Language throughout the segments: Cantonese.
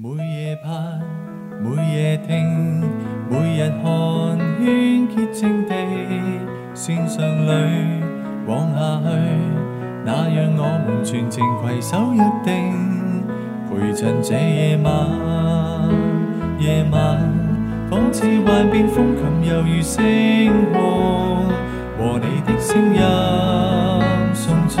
每夜盼，每夜聽，每日寒暄，願潔淨地線上裏往下去。那樣我們全情携手約定，陪襯這夜晚。夜晚，仿似幻變風琴星光，猶如星空和你的聲音，送出。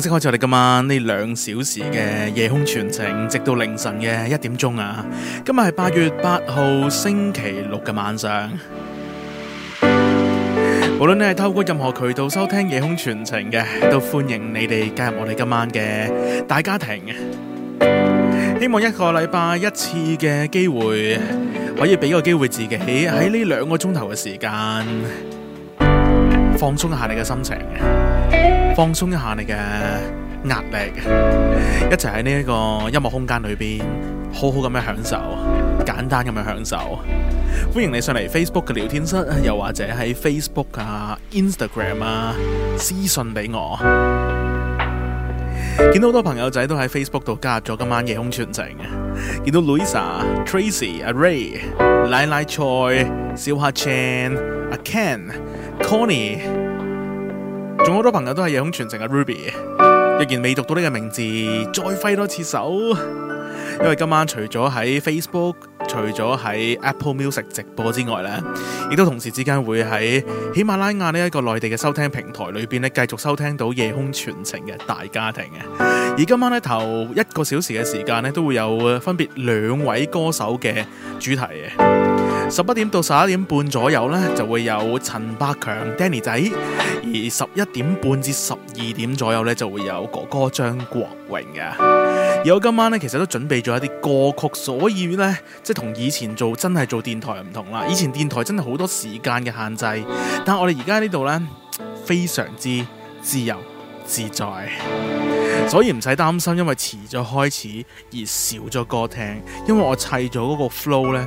正式開始，我哋今晚呢兩小時嘅夜空傳情，直到凌晨嘅一點鐘啊！今日係八月八號星期六嘅晚上。無論你係透過任何渠道收聽夜空傳情嘅，都歡迎你哋加入我哋今晚嘅大家庭。希望一個禮拜一次嘅機會，可以俾個機會自己喺呢兩個鐘頭嘅時間。放鬆一下你嘅心情，放鬆一下你嘅壓力，一齊喺呢一個音樂空間裏邊，好好咁樣享受，簡單咁樣享受。歡迎你上嚟 Facebook 嘅聊天室，又或者喺 Facebook 啊、Instagram 啊私信俾我。見到好多朋友仔都喺 Facebook 度加入咗今晚夜空傳情。見到 Louisa、Tracy、a Ray、Lai Lai Choi、小夏、Chan、A Ken Connie，仲好多朋友都係夜空傳情嘅 Ruby，若然未讀到呢個名字，再揮多次手。因為今晚除咗喺 Facebook，除咗喺 Apple Music 直播之外咧，亦都同時之間會喺喜馬拉雅呢一個內地嘅收聽平台裏邊咧，繼續收聽到夜空傳情嘅大家庭嘅。而今晚咧頭一個小時嘅時間咧，都會有分別兩位歌手嘅主題嘅。十一點到十一點半左右呢，就會有陳百強 Danny 仔；而十一點半至十二點左右呢，就會有哥哥張國榮嘅。而我今晚呢，其實都準備咗一啲歌曲，所以呢，即係同以前做真係做電台唔同啦。以前電台真係好多時間嘅限制，但係我哋而家呢度呢，非常之自由自在，所以唔使擔心，因為遲咗開始而少咗歌聽，因為我砌咗嗰個 flow 呢。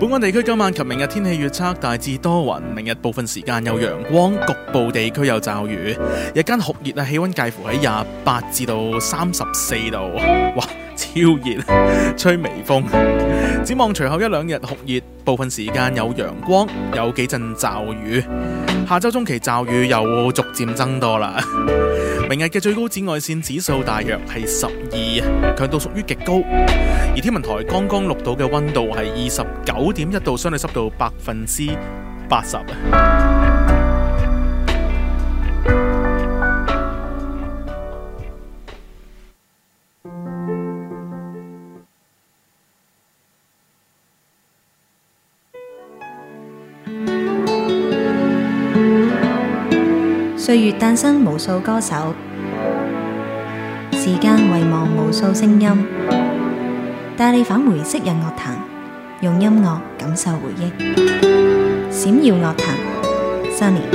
本港地區今晚及明日天氣預測，大致多雲，明日部分時間有陽光，局部地區有驟雨。日間酷熱啊，氣溫介乎喺廿八至到三十四度。哇！超熱，吹微風。展望隨後一兩日酷熱，部分時間有陽光，有幾陣驟雨。下周中期驟雨又逐漸增多啦。明日嘅最高紫外線指數大約係十二，強度屬於極高。而天文台剛剛錄到嘅溫度係二十九點一度，相對濕度百分之八十。歲月誕生無數歌手，時間遺忘無數聲音，帶你返回昔日樂壇，用音樂感受回憶，閃耀樂壇。Sunny，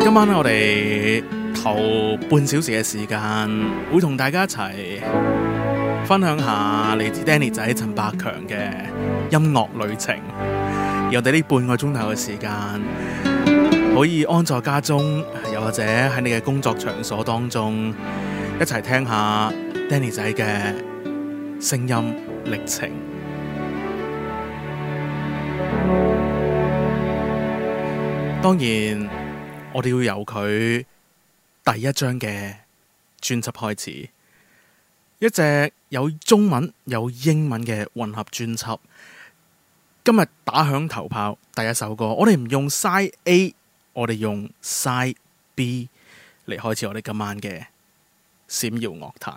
今晚我哋頭半小時嘅時間會同大家一齊。分享下嚟自 Danny 仔陳百強嘅音樂旅程，由我哋呢半個鐘頭嘅時間，可以安在家中，又或者喺你嘅工作場所當中，一齊聽下 Danny 仔嘅聲音歷程。當然，我哋要由佢第一張嘅專輯開始。一隻有中文、有英文嘅混合專輯，今日打響頭炮第一首歌，我哋唔用 Side A，我哋用 Side B 嚟開始我哋今晚嘅閃耀樂壇。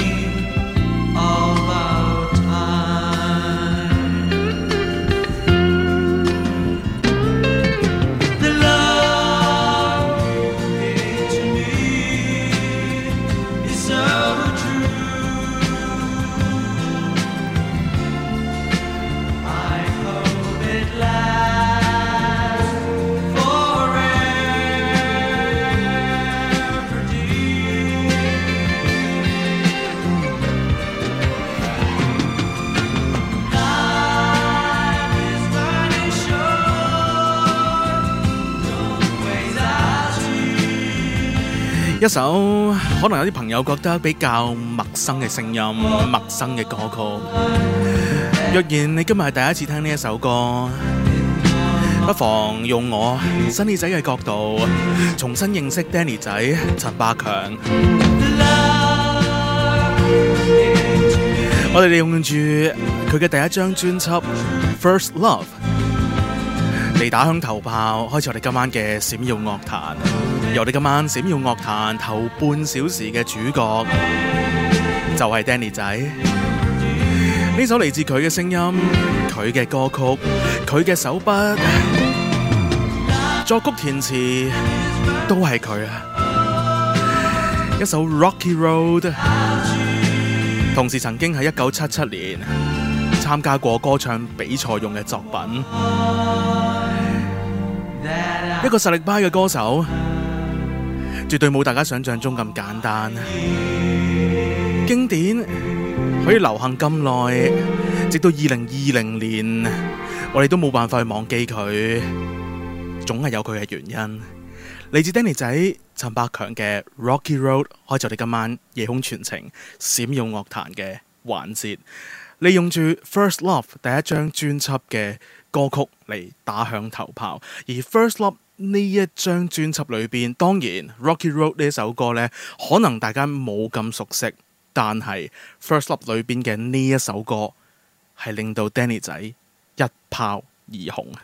一首可能有啲朋友覺得比較陌生嘅聲音、陌生嘅歌曲。若然你今日係第一次聽呢一首歌，不妨用我 Sunny 仔嘅角度重新認識 Danny 仔陳百強。Love, and 我哋利用住佢嘅第一張專輯《First Love》。嚟打響頭炮，開始我哋今晚嘅閃耀樂壇。由我哋今晚閃耀樂壇頭半小時嘅主角，就係 Danny 仔。呢首嚟自佢嘅聲音，佢嘅歌曲，佢嘅手筆，作曲填詞都係佢啊！一首 Rocky Road，同時曾經喺一九七七年參加過歌唱比賽用嘅作品。一個實力派嘅歌手，絕對冇大家想象中咁簡單。經典可以流行咁耐，直到二零二零年，我哋都冇辦法去忘記佢，總係有佢嘅原因。嚟自 Danny 仔陳百強嘅《Rocky Road》開咗你今晚夜空全程閃耀樂壇嘅環節，利用住《First Love》第一張專輯嘅。歌曲嚟打響頭炮，而 First Love 呢一張專輯裏邊，當然 Rocky Road 呢首歌咧，可能大家冇咁熟悉，但係 First Love 裏邊嘅呢一首歌係令到 Danny 仔一炮而紅啊！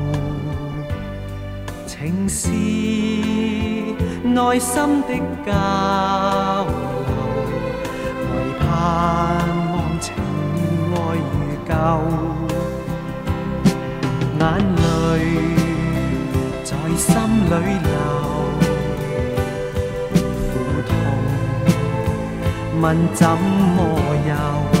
情是內心的交流，唯盼望情愛如舊，眼淚在心裏流，苦痛問怎麼休。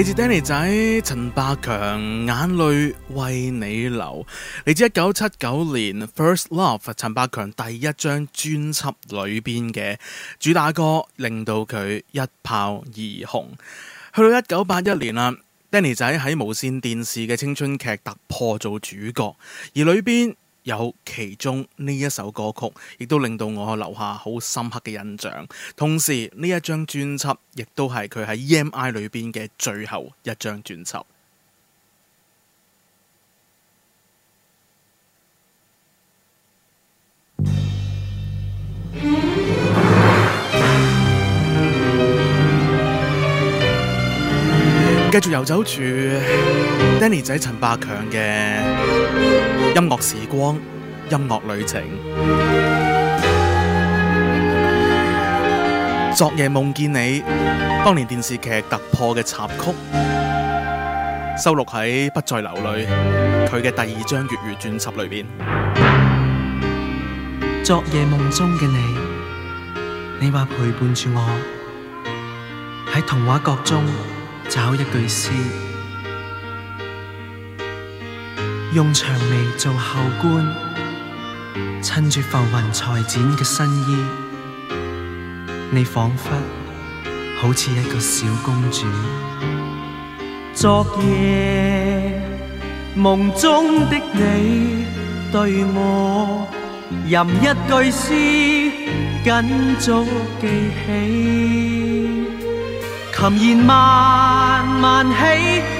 嚟自 Danny 仔，陳百強眼淚為你流，嚟自一九七九年 First Love 陳百強第一張專輯裏邊嘅主打歌，令到佢一炮而紅。去到一九八一年啦，Danny 仔喺無綫電視嘅青春劇突破做主角，而裏邊。有其中呢一首歌曲，亦都令到我留下好深刻嘅印象。同時呢一張專輯，亦都係佢喺 EMI 裏邊嘅最後一張專輯。繼 續遊走住 Danny 仔陳百強嘅。音樂時光，音樂旅程。昨夜夢見你，當年電視劇突破嘅插曲，收錄喺《不再流淚》佢嘅第二張粵語專輯裏邊。昨夜夢中嘅你，你話陪伴住我，喺童話國中找一句詩。用薔薇做後冠，襯住浮雲裁剪嘅新衣，你仿佛好似一個小公主。昨夜夢中的你，對我吟一句詩，今早記起，琴弦慢慢起。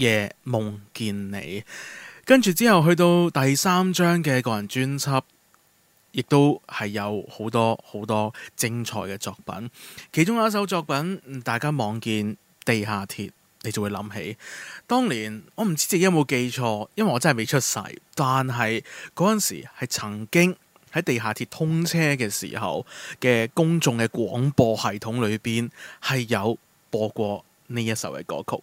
夜夢見你，跟住之後去到第三張嘅個人專輯，亦都係有好多好多精彩嘅作品。其中有一首作品，大家望見地下鐵，你就會諗起當年。我唔知自己有冇記錯，因為我真係未出世。但係嗰陣時係曾經喺地下鐵通車嘅時候嘅公眾嘅廣播系統裏邊，係有播過呢一首嘅歌曲。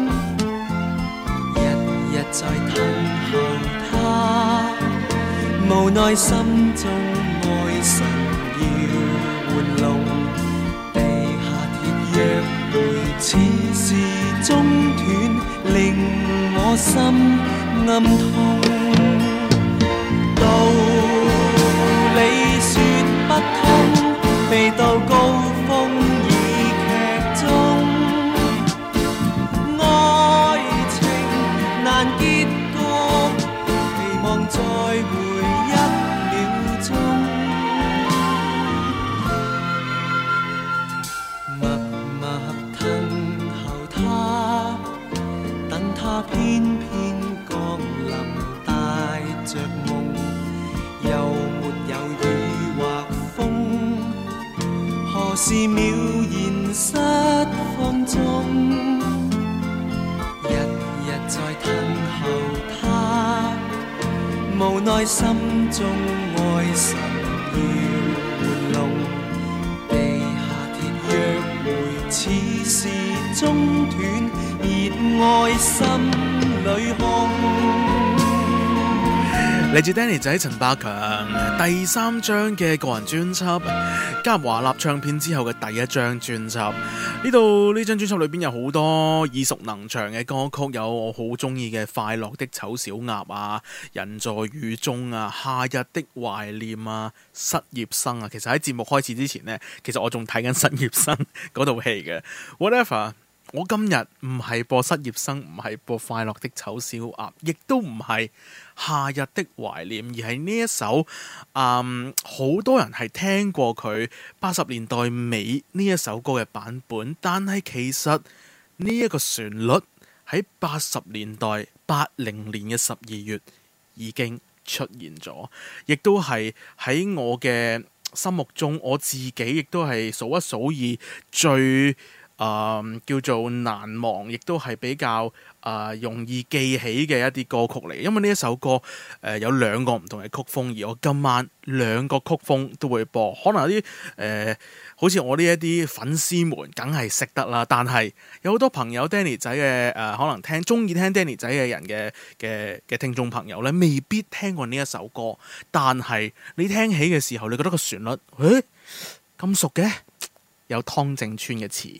內心中愛神要玩弄，地下鐵若於此時中斷，令我心暗痛。都。嚟自 Danny 仔陳百強第三張嘅個人專輯，加入華納唱片之後嘅第一張專輯。呢度呢張專輯裏邊有好多耳熟能詳嘅歌曲，有我好中意嘅《快樂的醜小鴨》啊，《人在雨中》啊，《夏日的懷念》啊，失啊《失業生》啊。其實喺節目開始之前呢，其實我仲睇緊《失業生》嗰套戲嘅。Whatever，我今日唔係播《失業生》，唔係播《快樂的醜小鴨》，亦都唔係。夏日的懷念，而係呢一首，嗯，好多人係聽過佢八十年代尾呢一首歌嘅版本。但係其實呢一個旋律喺八十年代、八零年嘅十二月已經出現咗，亦都係喺我嘅心目中，我自己亦都係數一數二最。嗯、叫做難忘，亦都係比較啊、呃、容易記起嘅一啲歌曲嚟。因為呢一首歌誒、呃、有兩個唔同嘅曲風，而我今晚兩個曲風都會播。可能有啲誒、呃、好似我呢一啲粉絲們，梗係識得啦。但係有好多朋友 Danny 仔嘅誒、呃，可能聽中意聽 Danny 仔嘅人嘅嘅嘅聽眾朋友呢，未必聽過呢一首歌。但係你聽起嘅時候，你覺得個旋律，誒咁熟嘅，有湯靜川嘅詞。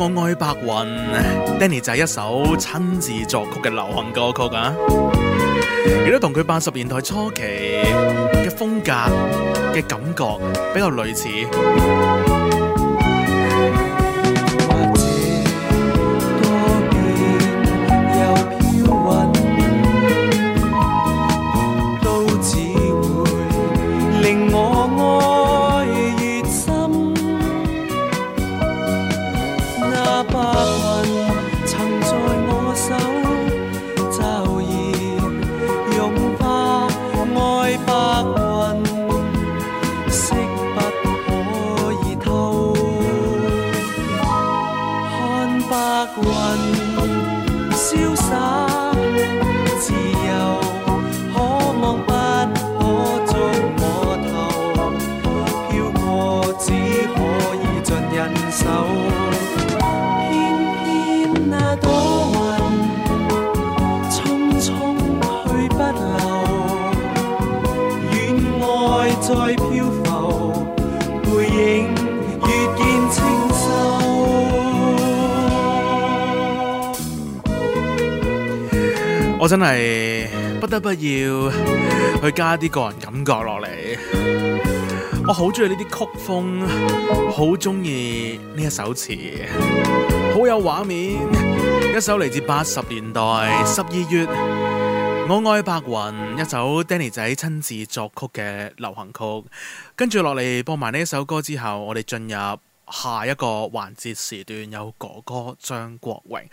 我愛白雲，Danny 就係一首親自作曲嘅流行歌曲啊，亦都同佢八十年代初期嘅風格嘅感覺比較類似。不要去加啲個人感覺落嚟，我好中意呢啲曲風，好中意呢一首詞，好有畫面。一首嚟自八十年代十二月，我愛白雲，一首 Danny 仔親自作曲嘅流行曲。跟住落嚟播埋呢一首歌之後，我哋進入下一個環節時段，有哥哥張國榮。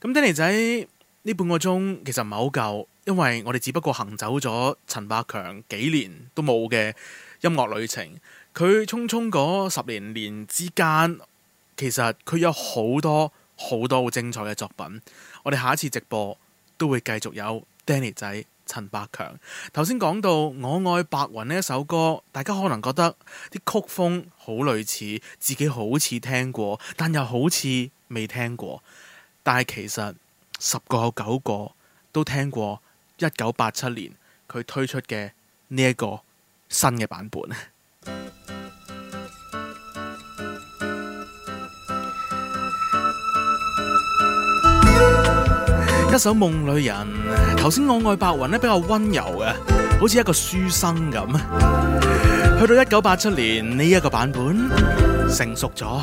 咁 Danny 仔。呢半個鐘其實唔係好夠，因為我哋只不過行走咗陳百強幾年都冇嘅音樂旅程。佢匆匆嗰十年年之間，其實佢有好多好多好精彩嘅作品。我哋下一次直播都會繼續有 Danny 仔陳百強。頭先講到我愛白雲呢一首歌，大家可能覺得啲曲風好類似，自己好似聽過，但又好似未聽過。但係其實。十個有九個都聽過一九八七年佢推出嘅呢一個新嘅版本，一首《夢裡人》。頭先我愛白雲咧，比較溫柔嘅，好似一個書生咁。去到一九八七年呢一個版本成熟咗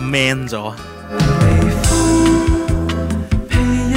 ，man 咗。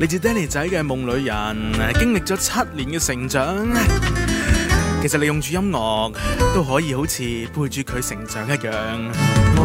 你嚟自 Danny 仔嘅夢裏人，經歷咗七年的成長，其實你用住音樂都可以好似陪住佢成長一樣。無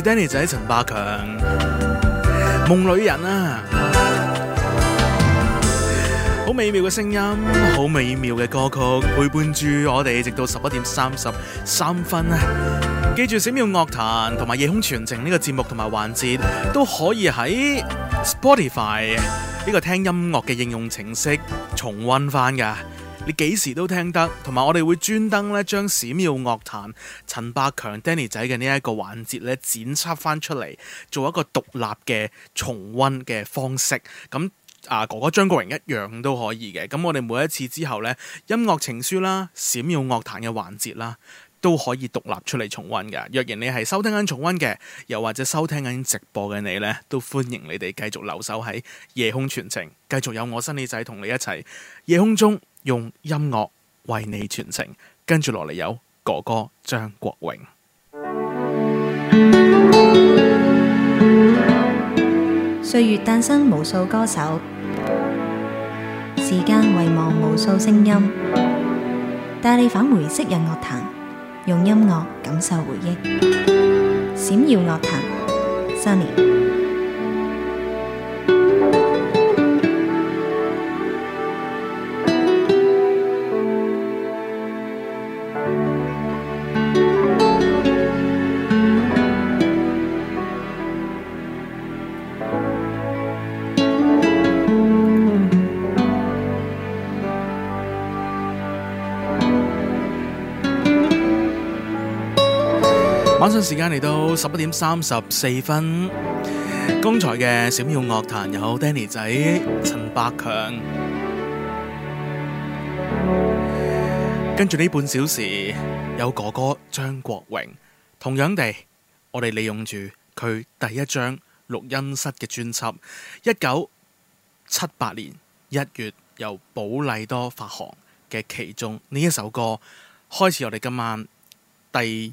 係 Danny 仔、陳百強、夢裡人啊，好美妙嘅聲音，好美妙嘅歌曲，陪伴住我哋直到十一點三十三分啊。記住，閃妙樂壇同埋夜空傳情呢個節目同埋環節都可以喺 Spotify 呢個聽音樂嘅應用程式重温返㗎。你幾時都聽得，同埋我哋會專登咧，將閃耀樂壇陳百強 Danny 仔嘅呢一個環節咧剪輯翻出嚟，做一個獨立嘅重溫嘅方式。咁啊，哥哥張國榮一樣都可以嘅。咁我哋每一次之後呢，音樂情書啦、閃耀樂壇嘅環節啦，都可以獨立出嚟重溫嘅。若然你係收聽緊重溫嘅，又或者收聽緊直播嘅你呢，都歡迎你哋繼續留守喺夜空傳情，繼續有我 Sunny 仔同你一齊夜空中，用音樂為你傳情，跟住落嚟有哥哥張國榮。歲月誕生無數歌手，時間遺忘無數聲音，帶你返回昔日樂壇，用音樂感受回憶，閃耀樂壇，Sunny。三年晚上時間嚟到十一點三十四分，剛才嘅閃耀樂壇有 Danny 仔、陳百強，跟住呢半小時有哥哥張國榮。同樣地，我哋利用住佢第一張錄音室嘅專輯，一九七八年一月由寶麗多發行嘅其中呢一首歌，開始我哋今晚第。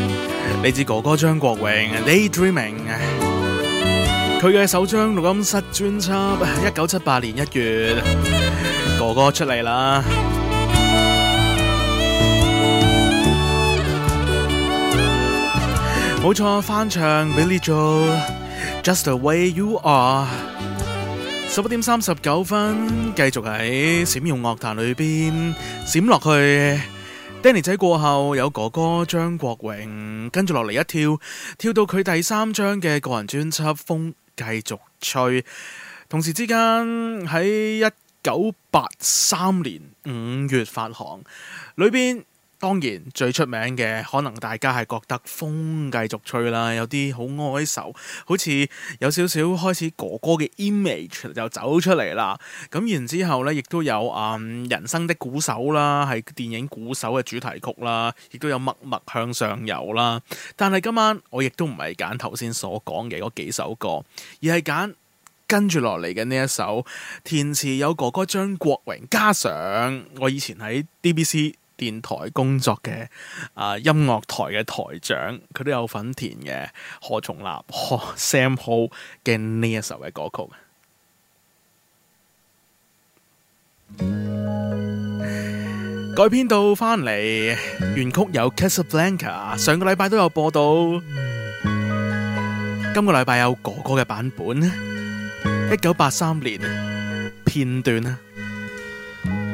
嚟自哥哥張國榮，Daydreaming，佢嘅首張錄音室專輯一九七八年一月，哥哥出嚟啦，冇錯 翻唱 Billy Joel，Just the Way You Are，十一點三十九分繼續喺閃耀樂壇裏邊閃落去，Danny 仔過後有哥哥張國榮。跟住落嚟一跳，跳到佢第三張嘅個人專輯《風繼續吹》，同時之間喺一九八三年五月發行，裏面。當然最出名嘅，可能大家係覺得風繼續吹啦，有啲好哀愁，好似有少少開始哥哥嘅 image 就走出嚟啦。咁然之後呢，亦都有、嗯、人生的鼓手啦，係電影《鼓手》嘅主題曲啦，亦都有默默向上游啦。但係今晚我亦都唔係揀頭先所講嘅嗰幾首歌，而係揀跟住落嚟嘅呢一首，填詞有哥哥張國榮，加上我以前喺 DBC。電台工作嘅啊，音樂台嘅台長，佢都有份填嘅何重立、何 Sam Ho 嘅呢一首嘅歌曲 改編到翻嚟，原曲有《Casablanca》，上個禮拜都有播到，今個禮拜有哥哥嘅版本，一九八三年片段啊。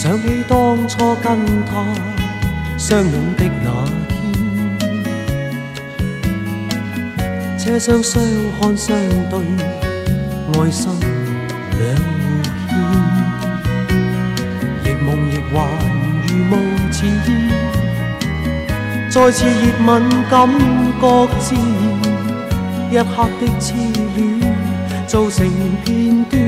想起當初跟他相擁的那天，車窗相看相對，愛心兩意牽。亦夢亦幻如霧似煙，再次熱吻感覺自然，一刻的痴戀造成片段。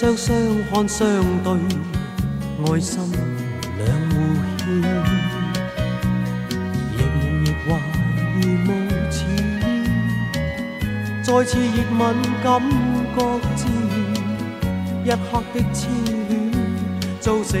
相相看相對，愛心兩互牽。仍然亦懷念從前，再次熱吻感覺自然，一刻的痴戀造成。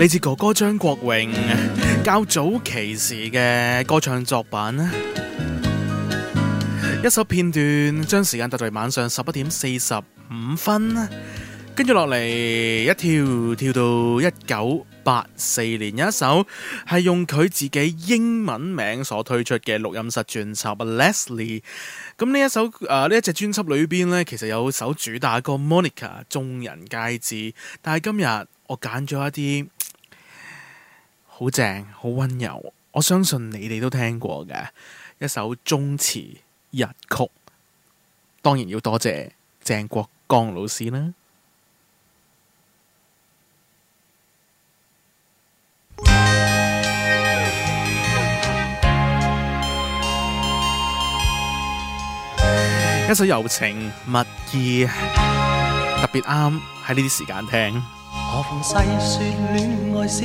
嚟自哥哥張國榮較早期時嘅歌唱作品，一首片段，將時間搭在晚上十一點四十五分，跟住落嚟一跳跳到一九八四年，一首係用佢自己英文名所推出嘅錄音室專輯《Leslie》。咁呢一首誒，呢一隻專輯裏邊咧，其實有首主打歌《Monica》，眾人皆知，但係今日我揀咗一啲。好正，好溫柔，我相信你哋都聽過嘅一首中詞日曲，當然要多謝鄭國江老師啦。 一首柔情蜜意，特別啱喺呢啲時間聽。何妨細說戀愛史？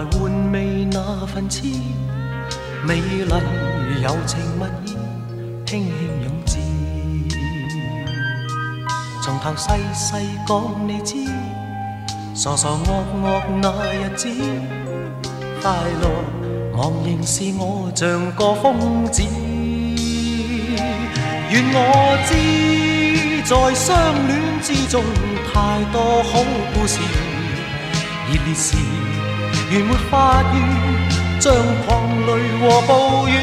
來回味那份痴，美麗柔情蜜意，輕輕湧至。從頭細細講你知，傻傻惡惡那日子，快樂茫然是我像個瘋子。願我知，在相戀之中太多好故事，熱烈時。如沒法遇，將狂雷和暴雨。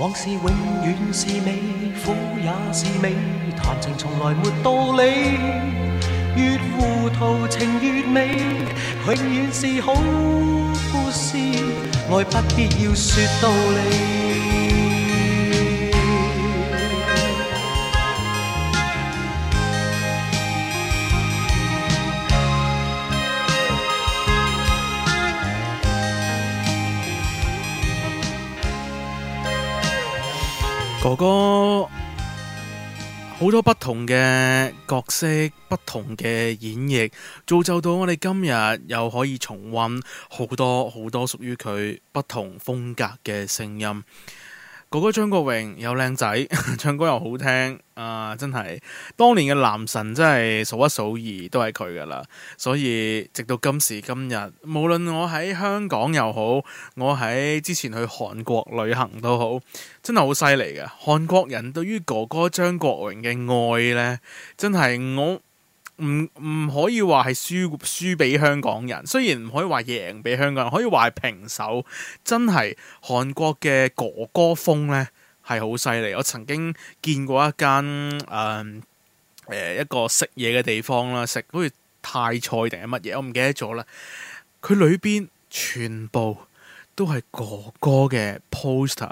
往事永遠是美，苦也是美，談情從來沒道理，越糊塗情越美，永遠是好故事，愛不必要說道理。哥哥好多不同嘅角色，不同嘅演繹，造就到我哋今日又可以重溫好多好多屬於佢不同風格嘅聲音。哥哥張國榮又靚仔，唱歌又好聽，啊，真係當年嘅男神真係數一數二，都係佢㗎喇。所以直到今時今日，無論我喺香港又好，我喺之前去韓國旅行都好，真係好犀利㗎。韓國人對於哥哥張國榮嘅愛咧，真係我。唔唔可以話係輸輸俾香港人，雖然唔可以話贏俾香港人，可以話係平手。真係韓國嘅哥哥風咧係好犀利。我曾經見過一間誒誒、嗯呃、一個食嘢嘅地方啦，食好似泰菜定係乜嘢，我唔記得咗啦。佢裏邊全部都係哥哥嘅 poster，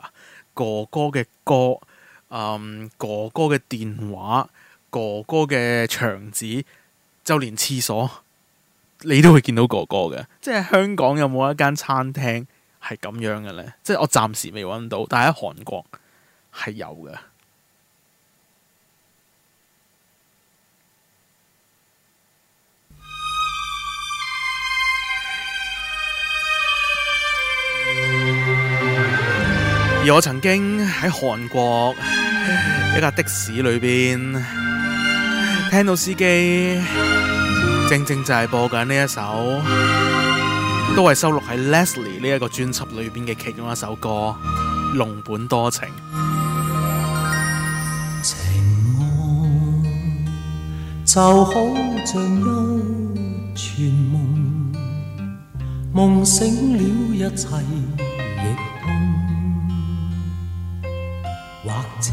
哥哥嘅歌，嗯，哥哥嘅電話，哥哥嘅牆紙。就連廁所你都會見到哥哥嘅，即係香港有冇一間餐廳係咁樣嘅呢？即係我暫時未揾到，但係喺韓國係有嘅。 而我曾經喺韓國一架的士裏邊。聽到司機正正就係播緊呢一首，都係收錄喺 Leslie 呢一個專輯裏邊嘅其中一首歌《儂本多情》。情愛就好像一串夢，夢醒了一切亦空，或者。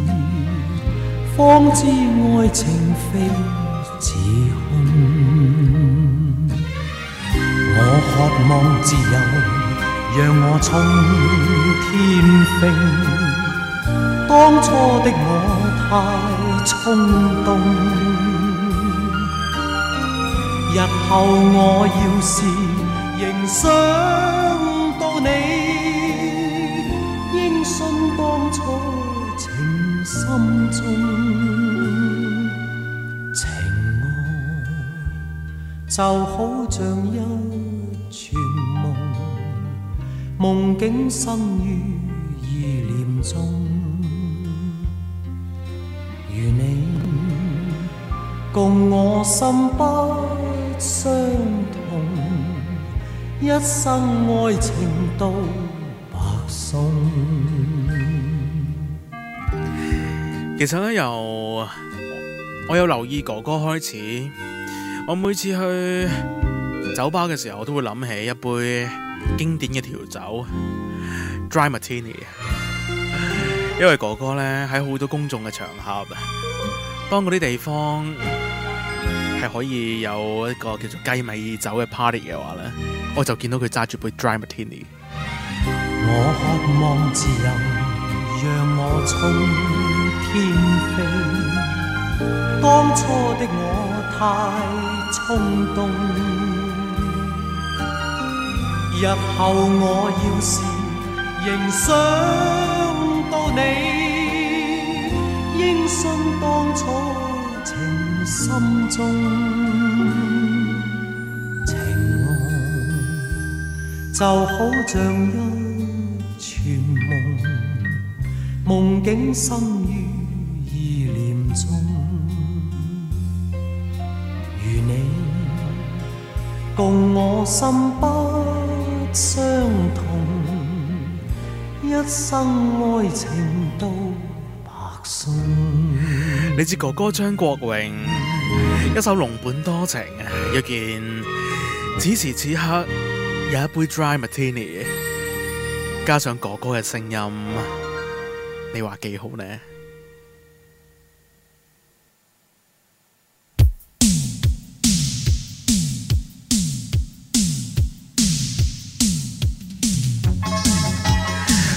方知愛情非自控，我渴望自由，讓我衝天飛。當初的我太衝動，日後我要是仍想到你，應信。心中情愛，就好像一串夢，夢境深於意念中。如你共我心不相同，一生愛情都白送。其實咧，由我有留意哥哥開始，我每次去酒吧嘅時候，我都會諗起一杯經典嘅調酒 Dry Martini。因為哥哥咧，喺好多公眾嘅場合啊，當嗰啲地方係可以有一個叫做雞尾酒嘅 party 嘅話咧，我就見到佢揸住杯 Dry Martini。我天飛，當初的我太衝動。日後我要是仍想到你，應信當初情深中。情愛就好像一串夢，夢境深遠。同我心不相同一生愛情都白送你知哥哥張國榮一首儂本多情啊一見此時此刻有一杯 Dry Martini 加上哥哥嘅聲音你話幾好呢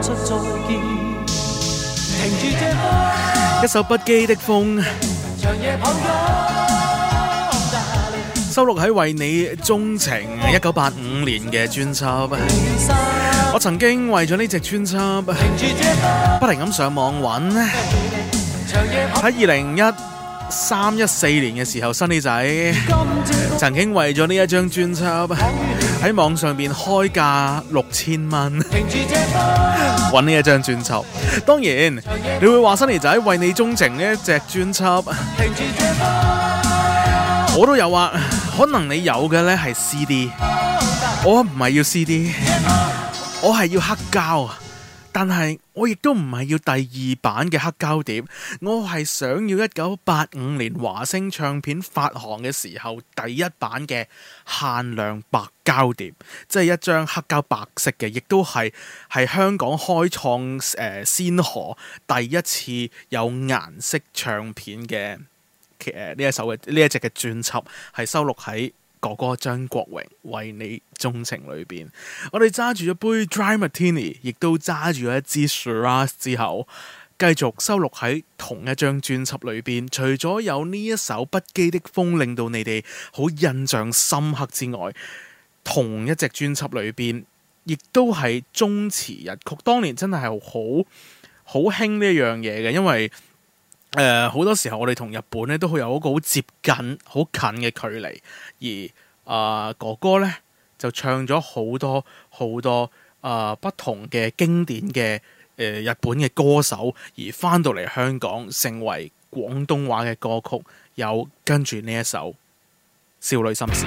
見停停一首不羈的風，長夜，收錄喺《為你鍾情》一九八五年嘅專輯。我曾經為咗呢隻專輯，停不停咁上網搵。喺二零一三一四年嘅時候新的，新呢仔曾經為咗呢一張專輯。在網上面開價六千蚊，揾呢一張專輯。當然，你會話新嚟仔為你鍾情呢一隻專輯，我都有啊。可能你有嘅呢係 CD，我唔係要 CD，我係要黑膠啊。但係我亦都唔係要第二版嘅黑膠碟，我係想要一九八五年華星唱片發行嘅時候第一版嘅限量白膠碟，即係一張黑膠白色嘅，亦都係係香港開創誒先河第一次有顏色唱片嘅誒呢一首嘅呢一隻嘅專輯係收錄喺。哥哥張國榮為你鍾情裏邊，我哋揸住一杯 Dry Martini，亦都揸住咗一支 shross 之後，繼續收錄喺同一張專輯裏邊。除咗有呢一首不羈的風令到你哋好印象深刻之外，同一隻專輯裏邊亦都係中詞日曲，當年真係好好興呢一樣嘢嘅，因為。誒，好、呃、多時候我哋同日本咧都會有一個好接近、好近嘅距離。而、呃、哥哥呢就唱咗好多好多啊、呃、不同嘅經典嘅、呃、日本嘅歌手，而翻到嚟香港成為廣東話嘅歌曲，有跟住呢一首《少女心事》。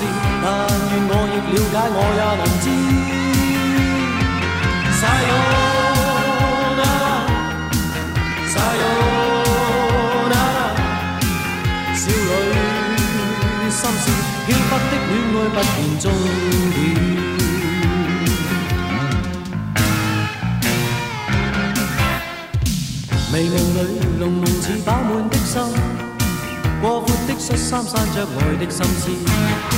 但願我亦了解我也能知 Sayonara Sayonara 少女心思飄忽的戀愛不見終點迷霧裏濃濃似飽滿的心過闊的恤衫散着愛的心思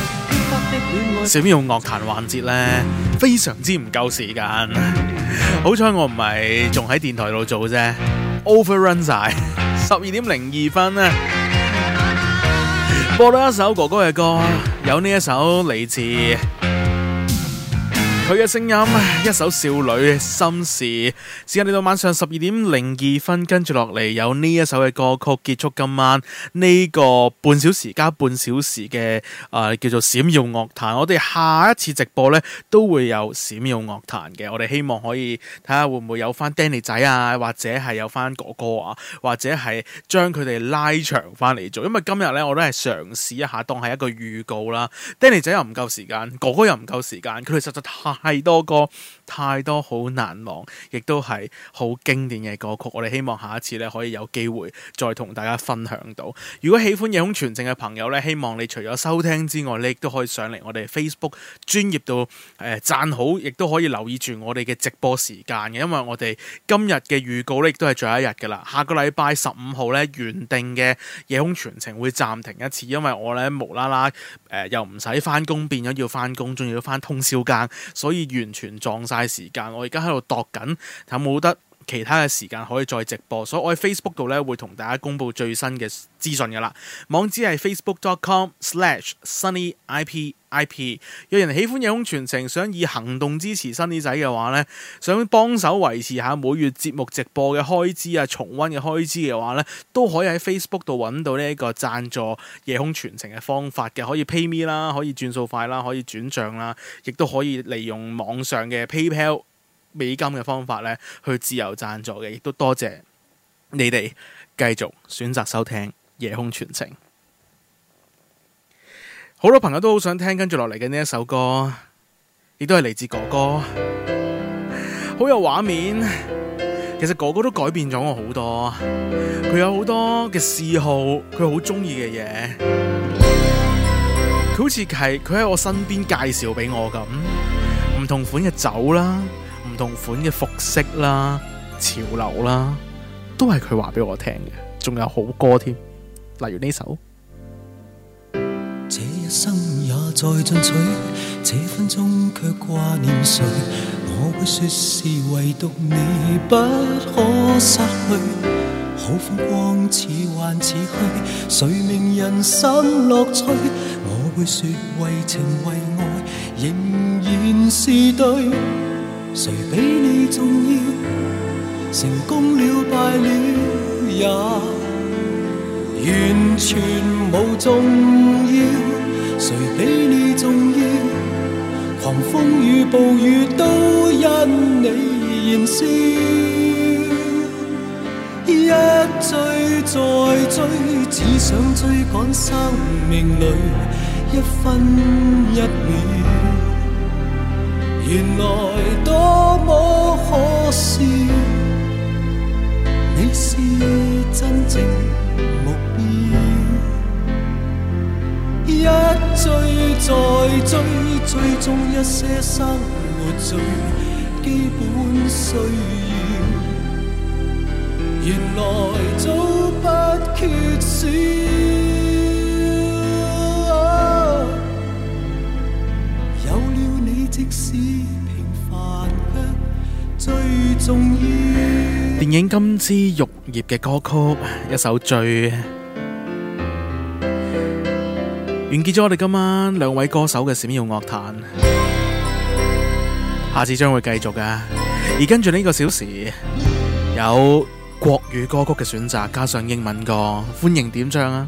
小用樂壇環節呢，非常之唔夠時間。 好彩我唔係仲喺電台度做啫，overrun 晒。十二點零二分啊， 播咗一首哥哥嘅歌，有呢一首嚟自。佢嘅聲音，一首少女心事，時間嚟到晚上十二點零二分，跟住落嚟有呢一首嘅歌曲結束今晚呢、這個半小時加半小時嘅誒、呃、叫做閃耀樂壇。我哋下一次直播呢，都會有閃耀樂壇嘅，我哋希望可以睇下會唔會有翻 Danny 仔啊，或者係有翻哥哥啊，或者係將佢哋拉長翻嚟做，因為今日呢，我都係嘗試一下當係一個預告啦。Danny 仔又唔夠時間，哥哥又唔夠時間，佢哋實在太～係多過。太多好難忘，亦都係好經典嘅歌曲。我哋希望下一次咧可以有機會再同大家分享到。如果喜歡夜空傳情嘅朋友咧，希望你除咗收聽之外，你亦都可以上嚟我哋 Facebook 專頁度誒、呃、贊好，亦都可以留意住我哋嘅直播時間嘅。因為我哋今日嘅預告咧，亦都係最後一日噶啦。下個禮拜十五號咧，原定嘅夜空傳情會暫停一次，因為我咧無啦啦誒又唔使翻工，變咗要翻工，仲要翻通宵更，所以完全撞晒。嘥時間，我而家喺度度緊，有冇得？其他嘅時間可以再直播，所以我喺 Facebook 度咧會同大家公布最新嘅資訊㗎喇。網址係 Facebook.com/sunnyipip。有人喜歡夜空傳情，想以行動支持 Sunny 仔嘅話咧，想幫手維持下每月節目直播嘅開支啊、重溫嘅開支嘅話咧，都可以喺 Facebook 度揾到呢一個贊助夜空傳情嘅方法嘅，可以 PayMe 啦，可以轉數快啦，可以轉帳啦，亦都可以利用網上嘅 PayPal。美金嘅方法咧，去自由贊助嘅，亦都多謝你哋繼續選擇收聽夜空傳情。好多朋友都好想聽跟住落嚟嘅呢一首歌，亦都係嚟自哥哥，好有畫面。其實哥哥都改變咗我好多，佢有好多嘅嗜好，佢好中意嘅嘢，佢好似係佢喺我身邊介紹俾我咁，唔同款嘅酒啦。同款嘅服飾啦，潮流啦，都係佢話俾我聽嘅，仲有好歌添，例如呢首。這一生也在進取，這分鐘卻掛念誰？我會說是唯獨你不可失去。好風光似幻似虛，誰明人生樂趣？我會說為情為愛，仍然是對。誰比你重要？成功了，敗了也完全無重要。誰比你重要？狂風與暴雨都因你燃燒。一追再追，只想追趕生命裏一分一秒。原來多麼可笑，你是真正目標。一追再追，追蹤一些生活最基本需要，原來早不缺少。即使平凡最重要。電影《金枝玉葉》嘅歌曲，一首最完結咗我哋今晚兩位歌手嘅閃耀樂壇，下次將會繼續㗎。而跟住呢個小時有國語歌曲嘅選擇，加上英文歌，歡迎點唱啊！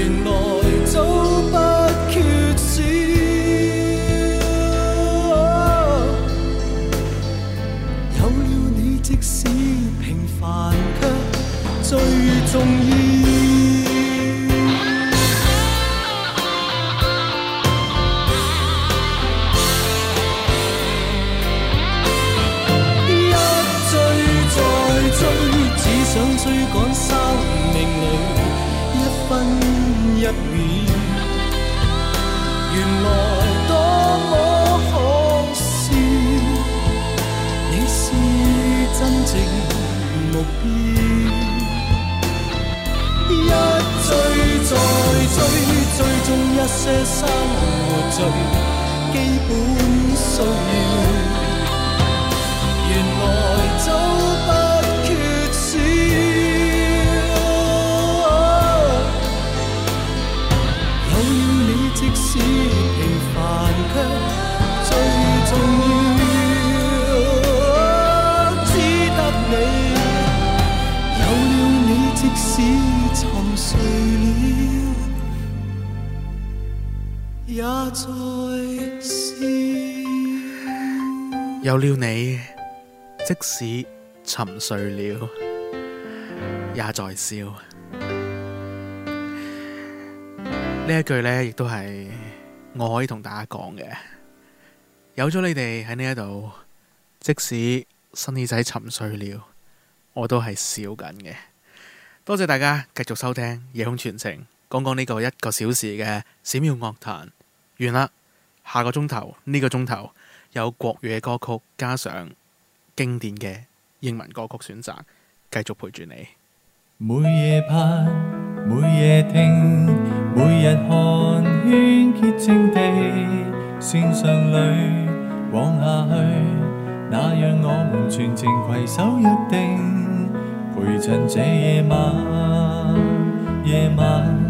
原來早不缺少，有了你，即使平凡，卻最重要。一追再追，追蹤一些生活最基本需要。也在笑，有了你，即使沉睡了也在笑。呢一句呢亦都係我可以同大家講嘅。有咗你哋喺呢一度，即使新耳仔沉睡了，我都係笑緊嘅。多謝大家繼續收聽夜空傳情講講呢個一個小時嘅閃耀樂壇。完啦！下個鐘頭呢，這個鐘頭有國語歌曲，加上經典嘅英文歌曲選擇，繼續陪住你。每夜拍，每夜聽，每日看，願潔淨地線上裏往下去，那讓我們全程攜手約定，陪襯這夜晚。夜晚。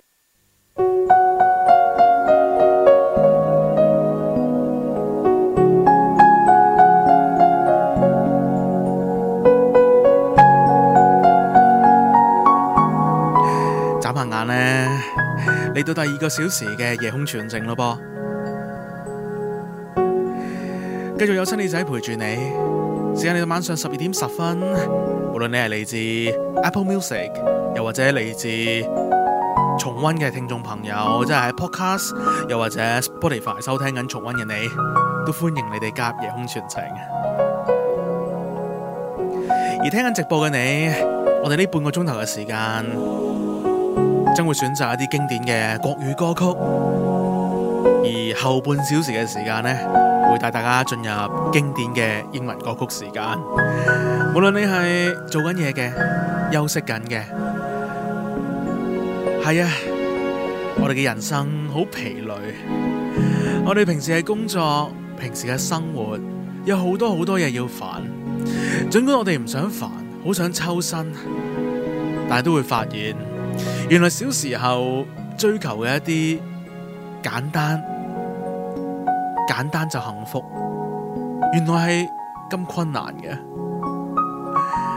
咧嚟到第二個小時嘅夜空傳情咯噃，繼續有 Sunny 仔陪住你，時間你到晚上十二點十分，無論你係嚟自 Apple Music，又或者嚟自重溫嘅聽眾朋友，即係喺 Podcast，又或者 Spotify 收聽緊重溫嘅你，都歡迎你哋加夜空傳情。而聽緊直播嘅你，我哋呢半個鐘頭嘅時間。將會選擇一啲經典嘅國語歌曲，而後半小時嘅時間呢，會帶大家進入經典嘅英文歌曲時間。無論你係做緊嘢嘅，休息緊嘅，係啊，我哋嘅人生好疲累，我哋平時嘅工作，平時嘅生活，有好多好多嘢要煩。盡管我哋唔想煩，好想抽身，但係都會發現。原來小時候追求嘅一啲簡單，簡單就幸福，原來係咁困難嘅。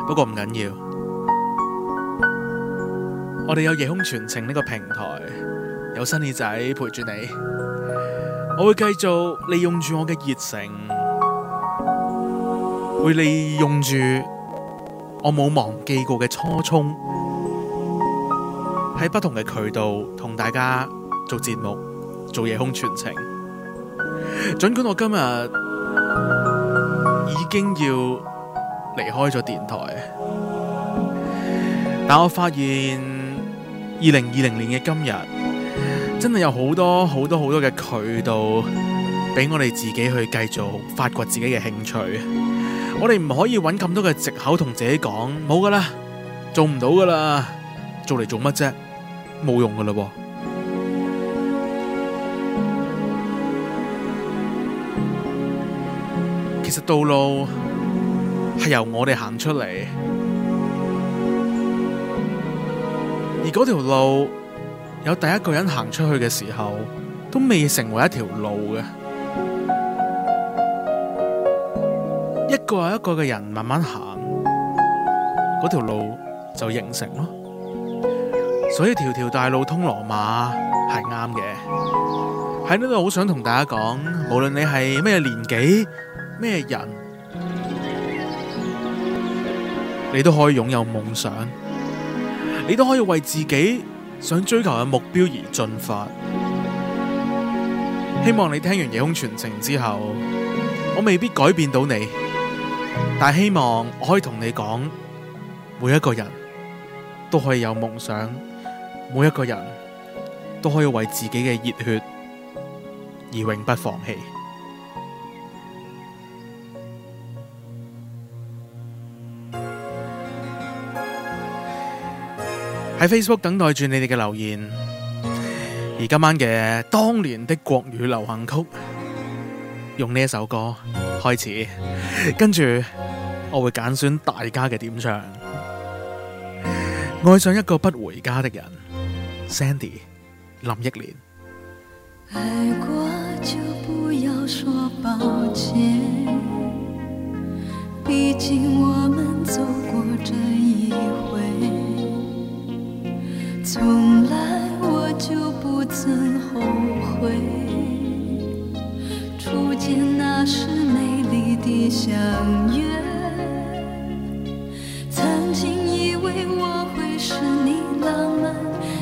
不過唔緊要，我哋有夜空傳情呢個平台，有新耳仔陪住你，我會繼續利用住我嘅熱誠，會利用住我冇忘記過嘅初衷。喺不同嘅渠道同大家做節目，做夜空傳情。盡管我今日已經要離開咗電台，但我發現二零二零年嘅今日真係有好多好多好多嘅渠道俾我哋自己去繼續發掘自己嘅興趣。我哋唔可以揾咁多嘅借口同自己講冇噶啦，做唔到噶啦，做嚟做乜啫？冇用噶啦噃，其實道路係由我哋行出嚟，而嗰條路有第一個人行出去嘅時候，都未成為一條路嘅，一個一個嘅人慢慢行，嗰條路就形成咯。所以條條大路通羅馬係啱嘅，喺呢度好想同大家講，無論你係咩年紀、咩人，你都可以擁有夢想，你都可以為自己想追求嘅目標而進發。希望你聽完夜空傳情之後，我未必改變到你，但希望我可以同你講，每一個人都可以有夢想。每一個人都可以為自己嘅熱血而永不放棄。喺 Facebook 等待住你哋嘅留言，而今晚嘅當年的國語流行曲，用呢一首歌開始，跟住我會揀選大家嘅點唱。愛上一個不回家的人。Sandy 林憶蓮，愛過就不要說抱歉，畢竟我們走過這一回，從來我就不曾後悔初見那時美麗的相約。曾經以為我會是你浪漫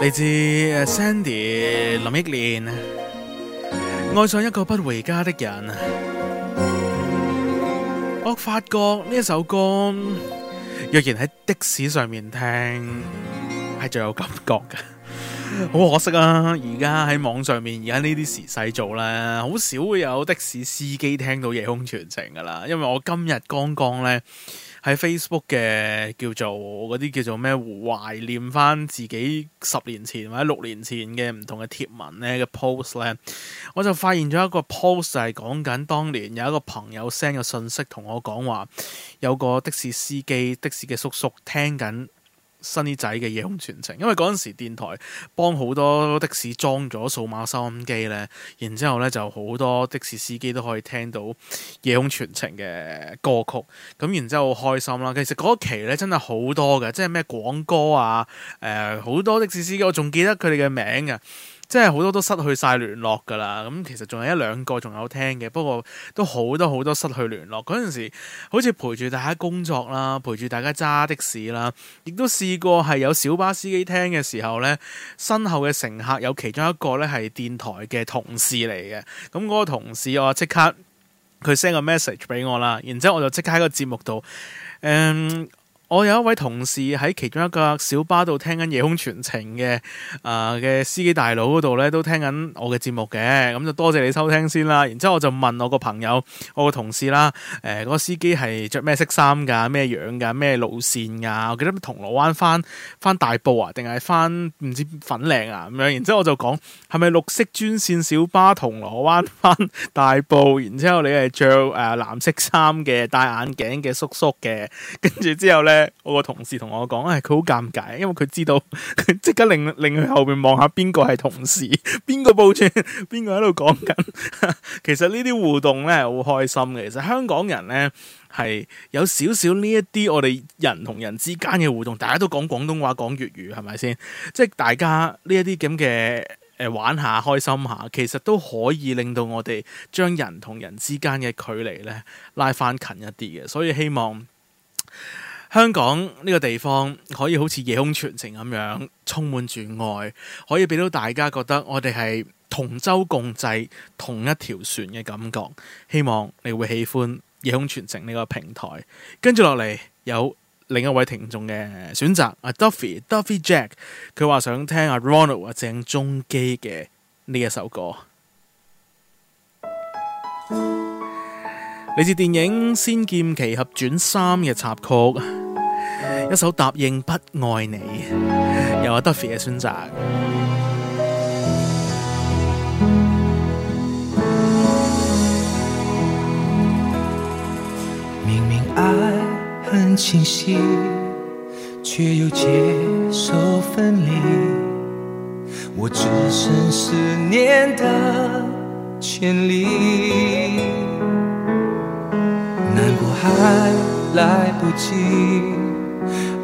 嚟自 Sandy 林憶蓮《愛上一個不回家的人》，我發覺呢首歌若然喺的士上面聽係最有感覺嘅，好 可惜啊！而家喺網上面，而家呢啲時勢做咧，好少會有的士司機聽到夜空傳情噶啦，因為我今日剛剛呢。喺 Facebook 嘅叫做嗰啲叫做咩懷念翻自己十年前或者六年前嘅唔同嘅貼文咧嘅 post 咧，我就發現咗一個 post 就係講緊當年有一個朋友 send 嘅信息同我講話有個的士司機，的士嘅叔叔聽緊。新啲仔嘅夜空傳情，因為嗰陣時電台幫好多的士裝咗數碼收音機咧，然之後咧就好多的士司機都可以聽到夜空傳情嘅歌曲，咁然之後好開心啦。其實嗰期咧真係好多嘅，即係咩廣歌啊，誒、呃、好多的士司機，我仲記得佢哋嘅名嘅。即係好多都失去晒聯絡㗎啦，咁其實仲有一兩個仲有聽嘅，不過都好多好多失去聯絡。嗰陣時，好似陪住大家工作啦，陪住大家揸的士啦，亦都試過係有小巴司機聽嘅時候咧，身後嘅乘客有其中一個咧係電台嘅同事嚟嘅，咁嗰個同事我即刻佢 send 個 message 俾我啦，然之後我就即刻喺個節目度，嗯我有一位同事喺其中一個小巴度聽緊夜空傳情嘅，啊、呃、嘅司機大佬嗰度咧都聽緊我嘅節目嘅，咁就多謝你收聽先啦。然之後我就問我個朋友、我個同事啦，嗰、呃、個司機係着咩色衫㗎？咩樣㗎？咩路線㗎？我記得銅鑼灣翻翻大埔啊，定係翻唔知粉嶺啊咁樣。然之後我就講係咪綠色專線小巴銅鑼灣翻大埔？然之後你係着誒藍色衫嘅、戴眼鏡嘅叔叔嘅，跟住之後咧。我個同事同我講，誒、哎，佢好尷尬，因為佢知道即刻令令佢後邊望下邊個係同事，邊個報串，邊個喺度講緊。其實呢啲互動咧好開心嘅。其實香港人咧係有少少呢一啲我哋人同人之間嘅互動，大家都講廣東話，講粵語，係咪先？即係大家呢一啲咁嘅誒，玩下開心下，其實都可以令到我哋將人同人之間嘅距離咧拉翻近一啲嘅。所以希望。香港呢個地方可以好似《夜空傳情》咁樣充滿住愛，可以俾到大家覺得我哋係同舟共濟、同一條船嘅感覺。希望你會喜歡《夜空傳情》呢個平台。跟住落嚟有另一位聽眾嘅選擇，阿 Duffy、Duffy Jack，佢話想聽阿 Ronald 阿鄭中基嘅呢一首歌，嚟自電影《仙劍奇俠傳三》嘅插曲。一首《答應不愛你》，由阿 Duffy 嘅選擇。明明愛很清晰，卻又接受分離，我只剩思念的權利，難過還來不及。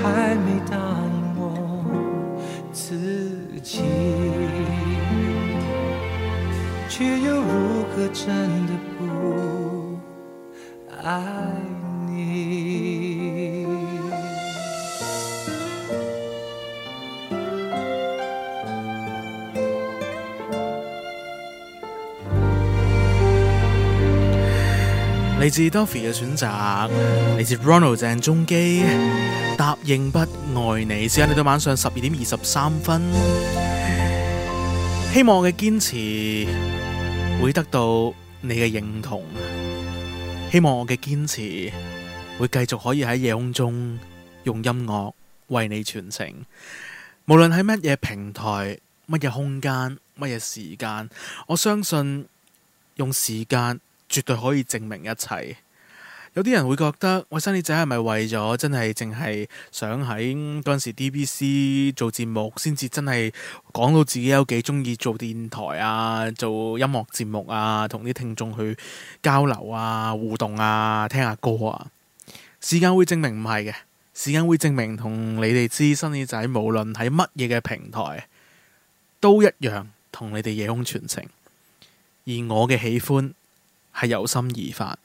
還沒答應我自己，卻又如何真的不愛你？來自 Duffy 嘅選擇，來自 Ronald 鄭中基。答應不愛你，時間嚟到晚上十二點二十三分。希望我嘅堅持會得到你嘅認同，希望我嘅堅持會繼續可以喺夜空中用音樂為你傳情。無論喺乜嘢平台、乜嘢空間、乜嘢時間，我相信用時間絕對可以證明一切。有啲人會覺得，我新耳仔係咪為咗真係淨係想喺嗰陣時 DBC 做節目，先至真係講到自己有幾鍾意做電台啊，做音樂節目啊，同啲聽眾去交流啊、互動啊、聽下歌啊。時間會證明唔係嘅，時間會證明同你哋知道新耳仔無論喺乜嘢嘅平台，都一樣同你哋夜空傳情。而我嘅喜歡係由心而發。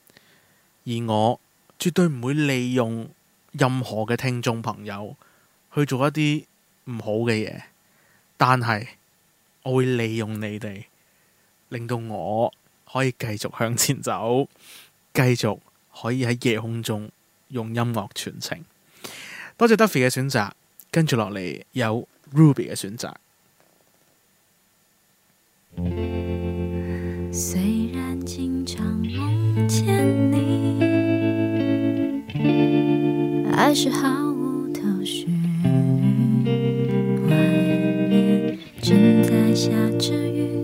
而我絕對唔會利用任何嘅聽眾朋友去做一啲唔好嘅嘢，但係我會利用你哋，令到我可以繼續向前走，繼續可以喺夜空中用音樂傳情。多謝 Duffy 嘅選擇，跟住落嚟有 Ruby 嘅選擇。雖然經常夢見你。還是毫無頭緒，外面正在下着雨。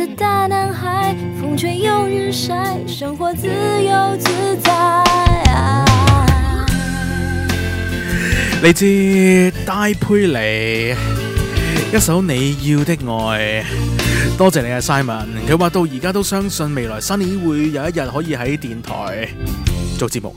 你誌自自、啊啊、戴佩妮一首你要的愛。多謝你啊 Simon，佢話到而家都相信未來 Sunny 會有一日可以喺電台做節目。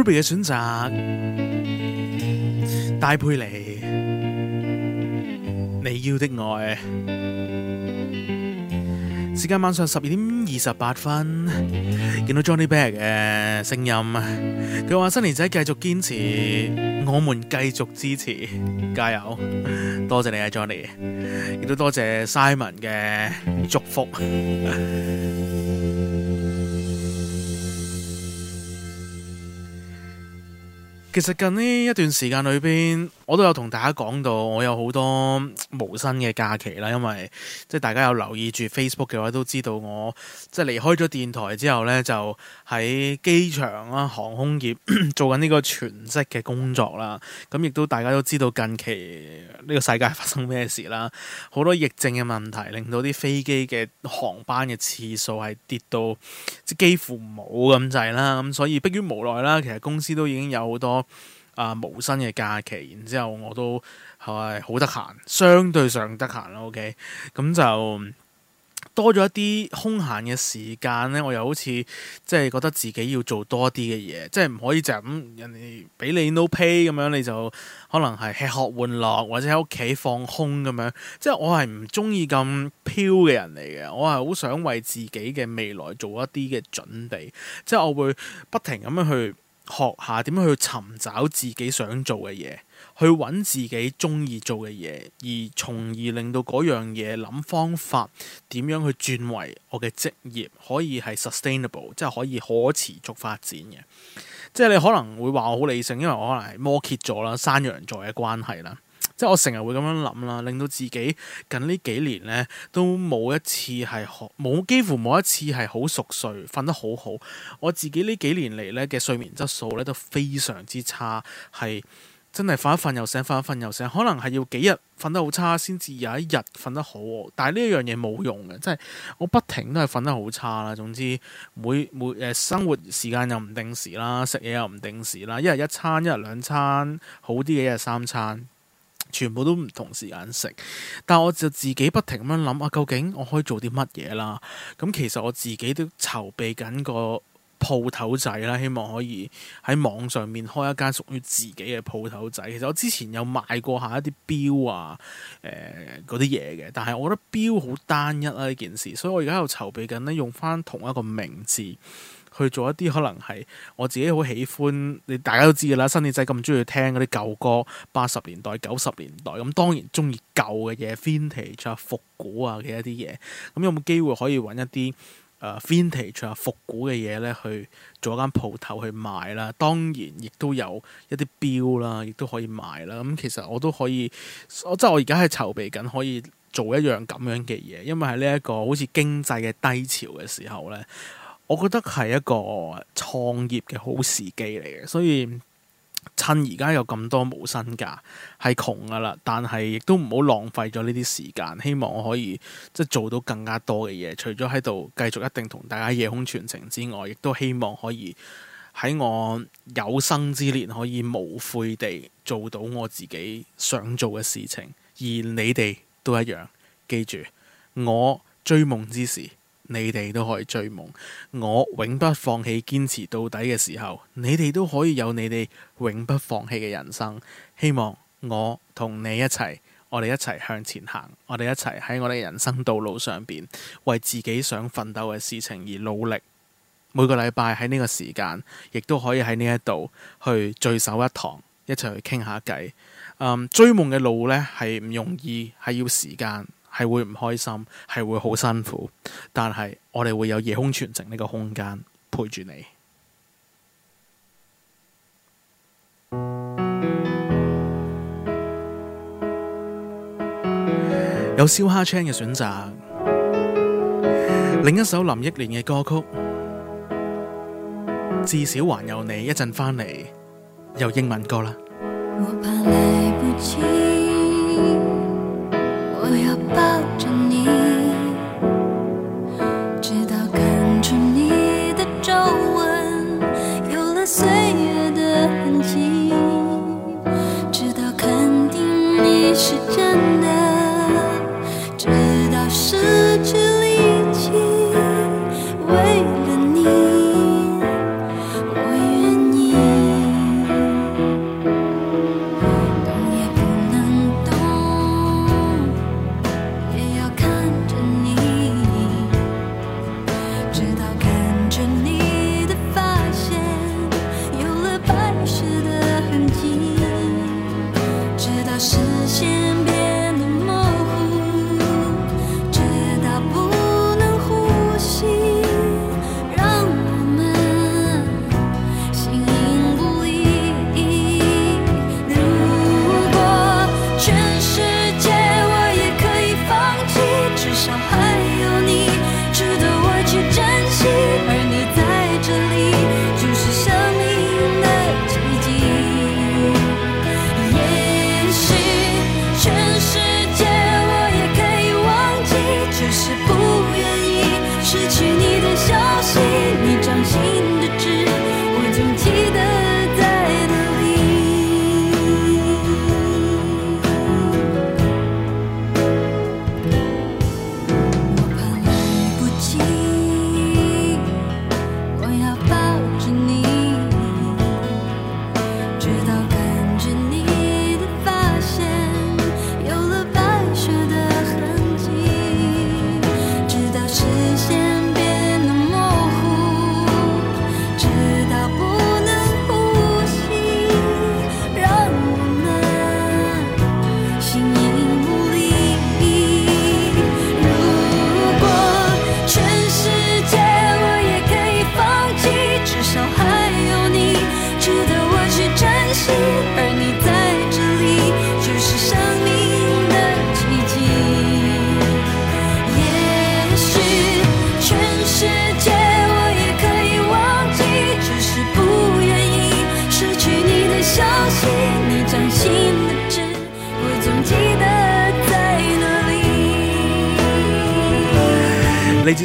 Ruby 嘅選擇，戴佩妮，你要的愛。時間晚上十二點二十八分，見到 Johnny Back 嘅聲音，佢話新年仔繼續堅持，我們繼續支持，加油！多謝你啊 Johnny，亦都多謝 Simon 嘅祝福。其實近呢一段時間裏邊。我都有同大家講到，我有好多無薪嘅假期啦，因為即係大家有留意住 Facebook 嘅話，都知道我即係離開咗電台之後咧，就喺機場啦、啊、航空業做緊呢個全職嘅工作啦。咁亦都大家都知道近期呢個世界發生咩事啦，好多疫症嘅問題令到啲飛機嘅航班嘅次數係跌到即係幾乎冇咁滯啦。咁所以迫於無奈啦，其實公司都已經有好多。啊無薪嘅假期，然之後我都係好得閒，相對上得閒咯。OK，咁就多咗一啲空閒嘅時間咧，我又好似即係覺得自己要做多啲嘅嘢，即係唔可以就咁、是、人哋俾你 no pay 咁樣，你就可能係吃喝玩樂或者喺屋企放空咁樣。即係我係唔中意咁飄嘅人嚟嘅，我係好想為自己嘅未來做一啲嘅準備，即係我會不停咁樣去。學下點樣去尋找自己想做嘅嘢，去揾自己中意做嘅嘢，而從而令到嗰樣嘢諗方法點樣去轉為我嘅職業，可以係 sustainable，即係可以可持續發展嘅。即係你可能會話我好理性，因為我可能係摩羯座啦、山羊座嘅關係啦。即係我成日會咁樣諗啦，令到自己近呢幾年咧都冇一次係好冇，幾乎冇一次係好熟睡，瞓得好好。我自己呢幾年嚟咧嘅睡眠質素咧都非常之差，係真係瞓一瞓又醒，瞓一瞓又醒，可能係要幾日瞓得好差先至有一日瞓得好。但係呢一樣嘢冇用嘅，即係我不停都係瞓得好差啦。總之每每誒生活時間又唔定時啦，食嘢又唔定時啦，一日一餐，一日兩餐，好啲嘅一日三餐。全部都唔同時間食，但我就自己不停咁樣諗啊，究竟我可以做啲乜嘢啦？咁、啊、其實我自己都籌備緊個鋪頭仔啦，希望可以喺網上面開一間屬於自己嘅鋪頭仔。其實我之前有賣過下一啲錶啊，誒嗰啲嘢嘅，但係我覺得錶好單一啦、啊、呢件事，所以我而家又籌備緊呢，用翻同一個名字。去做一啲可能係我自己好喜歡，你大家都知噶啦，新年仔咁中意聽嗰啲舊歌，八十年代、九十年代咁、啊啊啊，當然中意舊嘅嘢 Vintage 復古啊嘅一啲嘢，咁有冇機會可以揾一啲 Vintage 復古嘅嘢咧去做間鋪頭去賣啦？當然亦都有一啲表啦，亦都可以賣啦。咁其實我都可以，我即係我而家係籌備緊可以做一樣咁樣嘅嘢，因為喺呢一個好似經濟嘅低潮嘅時候咧。我覺得係一個創業嘅好時機嚟嘅，所以趁而家有咁多無薪假，係窮㗎喇，但係亦都唔好浪費咗呢啲時間。希望我可以即係做到更加多嘅嘢，除咗喺度繼續一定同大家夜空傳情之外，亦都希望可以喺我有生之年可以無悔地做到我自己想做嘅事情，而你哋都一樣。記住，我追夢之時。你哋都可以追夢，我永不放棄堅持到底嘅時候，你哋都可以有你哋永不放棄嘅人生。希望我同你一齊，我哋一齊向前行，我哋一齊喺我哋人生道路上面，為自己想奮鬥嘅事情而努力。每個禮拜喺呢個時間，亦都可以喺呢一度去聚首一堂，一齊去傾下偈。追夢嘅路呢，係唔容易，係要時間。係會唔開心，係會好辛苦，但係我哋會有夜空傳情呢個空間陪住你。 有燒烤 chain 嘅選擇， 另一首林憶蓮嘅歌曲， 至少還有你。一陣翻嚟，有英文歌啦。我要抱着你。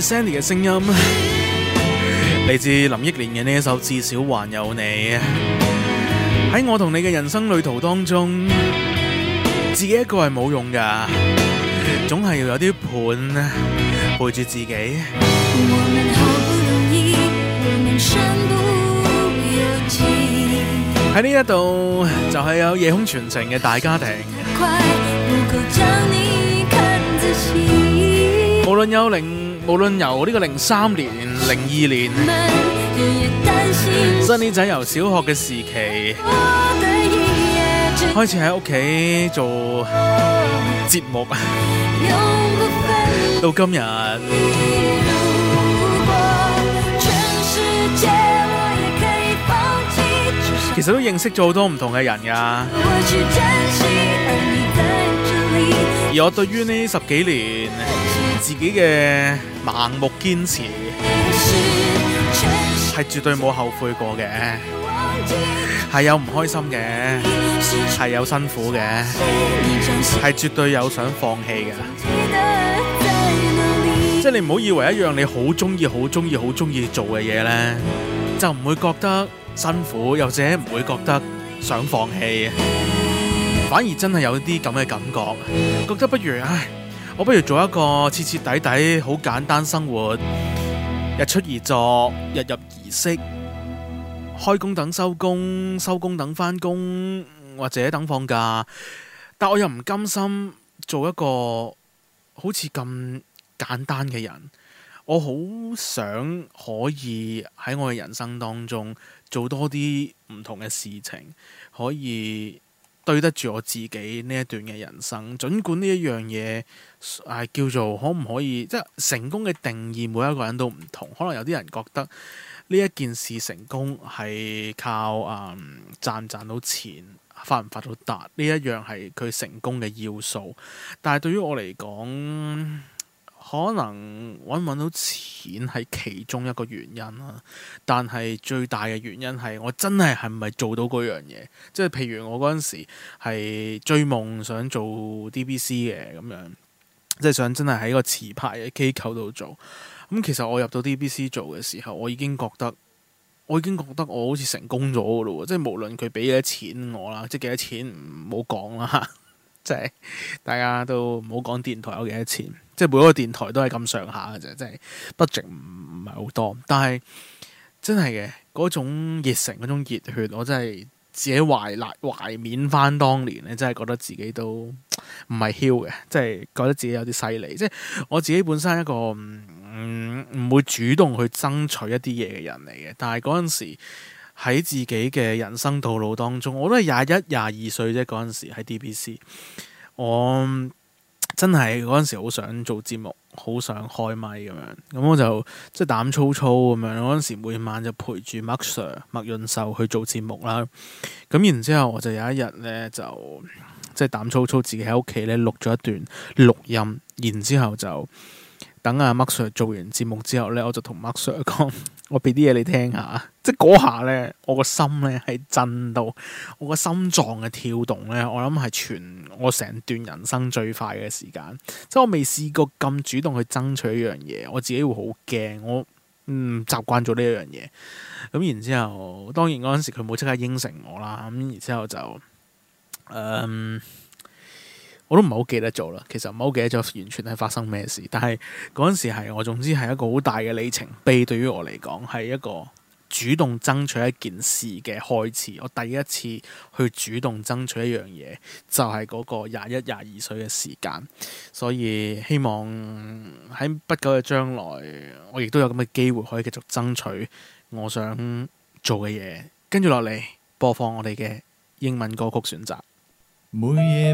Sandy 嘅聲音嚟自林憶蓮嘅呢一首至少還有你。喺我同你嘅人生旅途當中，自己一個係冇用㗎，總係要有啲伴陪住自己。喺呢一度就係、是、有夜空傳情嘅大家庭。無論有零。無論由呢個零三年、零二年，日心新啲仔由小學嘅時期的開始喺屋企做節目，到今日，其實都認識咗好多唔同嘅人㗎。我去珍惜你，而我對於呢十幾年。自己嘅盲目堅持係絕對冇後悔過嘅，係有唔開心嘅，係有辛苦嘅，係絕對有想放棄嘅。即係你唔好以為一樣你好中意、好中意、好中意做嘅嘢呢，就唔會覺得辛苦，又或者唔會覺得想放棄，反而真係有啲咁嘅感覺，覺得不如唉。我不如做一個徹徹底底好簡單生活，日出而作，日入而息，開工等收工，收工等翻工，或者等放假。但我又唔甘心做一個好似咁簡單嘅人，我好想可以喺我嘅人生當中做多啲唔同嘅事情，可以。對得住我自己呢一段嘅人生，儘管呢一樣嘢係叫做可唔可以，即係成功嘅定義，每一個人都唔同。可能有啲人覺得呢一件事成功係靠誒賺唔賺到錢、發唔發到達呢一樣係佢成功嘅要素，但係對於我嚟講。可能揾唔揾到錢係其中一個原因啦，但係最大嘅原因係我真係係咪做到嗰樣嘢？即係譬如我嗰陣時係追夢想做 DBC 嘅咁樣，即係想真係喺個持牌嘅機構度做。咁其實我入到 DBC 做嘅時候，我已經覺得我已經覺得我好似成功咗嘅咯喎！即係無論佢俾幾多錢我啦，即係幾多錢唔好講啦。即係大家都唔好講電台有幾多錢，即係每一個電台都係咁上下嘅啫，即係 budget 唔唔係好多。但係真係嘅嗰種熱誠、嗰種熱血，我真係自己懷嚟懷緬翻當年咧，真係覺得自己都唔係囂嘅，即係覺得自己有啲犀利。即係我自己本身一個唔唔、嗯、會主動去爭取一啲嘢嘅人嚟嘅，但係嗰陣時。喺自己嘅人生道路當中，我都係廿一廿二歲啫。嗰陣時喺 DBC，我、嗯、真係嗰陣時好想做節目，好想開麥咁樣。咁我就即係膽粗粗咁樣。嗰陣時每晚就陪住麥 Sir、麥潤秀去做節目啦。咁然之後，我就有一日咧，就即係膽粗粗自己喺屋企咧錄咗一段錄音，然之後就等阿、啊、麥 Sir 做完節目之後咧，我就同麥 Sir 講。我俾啲嘢你聽下，即係嗰下咧，我個心咧係震到，我個心臟嘅跳動咧，我諗係全我成段人生最快嘅時間。即係我未試過咁主動去爭取一樣嘢，我自己會好驚。我，嗯，習慣咗呢一樣嘢。咁然之後，當然嗰陣時佢冇即刻應承我啦。咁然之後就，嗯。我都唔係好記得咗啦，其實唔係好記得咗完全係發生咩事，但係嗰陣時係我總之係一個好大嘅里程碑，對於我嚟講係一個主動爭取一件事嘅開始。我第一次去主動爭取一樣嘢，就係、是、嗰個廿一廿二歲嘅時間。所以希望喺不久嘅將來，我亦都有咁嘅機會可以繼續爭取我想做嘅嘢。跟住落嚟，播放我哋嘅英文歌曲選擇。每夜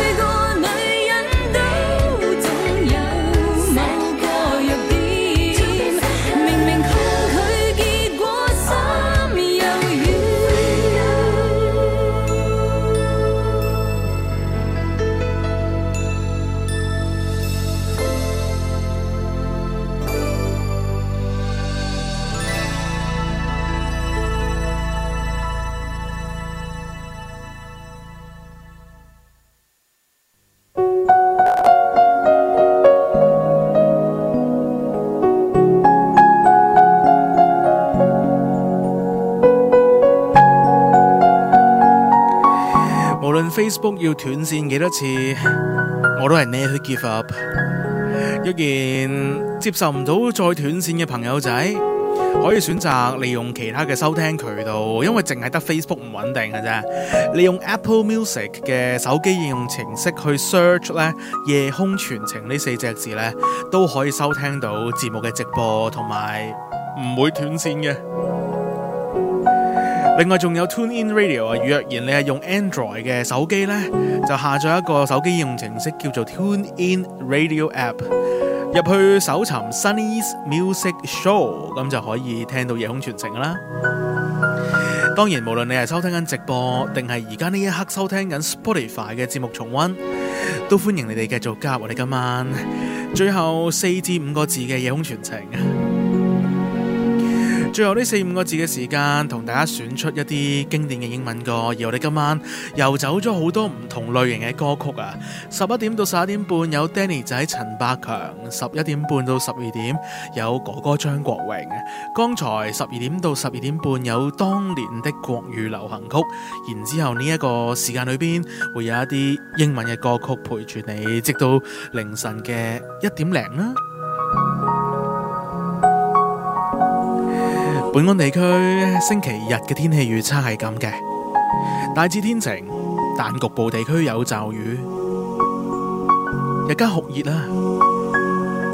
Facebook 要斷線幾多次，我都係 never 去 give up。若然接受唔到再斷線嘅朋友仔，可以選擇利用其他嘅收聽渠道，因為淨係得 Facebook 唔穩定嘅啫。利用 Apple Music 嘅手機應用程式去 search 咧夜空傳情呢四隻字咧，都可以收聽到節目嘅直播，同埋唔會斷線嘅。另外仲有 Tune In Radio 啊，若然你係用 Android 嘅手機呢，就下載一個手機應用程式叫做 Tune In Radio App，入去搜尋 Sunny's Music Show，咁就可以聽到夜空傳情啦。當然，無論你係收聽緊直播，定係而家呢一刻收聽緊 Spotify 嘅節目重溫，都歡迎你哋繼續加入我哋今晚最後四至五個字嘅夜空傳情最後呢四五個字嘅時間，同大家選出一啲經典嘅英文歌。而我哋今晚又走咗好多唔同類型嘅歌曲啊！十一點到十一點半有 Danny 仔陳百強，十一點半到十二點有哥哥張國榮。剛才十二點到十二點半有當年的國語流行曲，然之後呢一個時間裏邊會有一啲英文嘅歌曲陪住你，直到凌晨嘅一點零啦。本安地區星期日嘅天氣預測係咁嘅，大致天晴，但局部地區有驟雨，日間酷熱啦，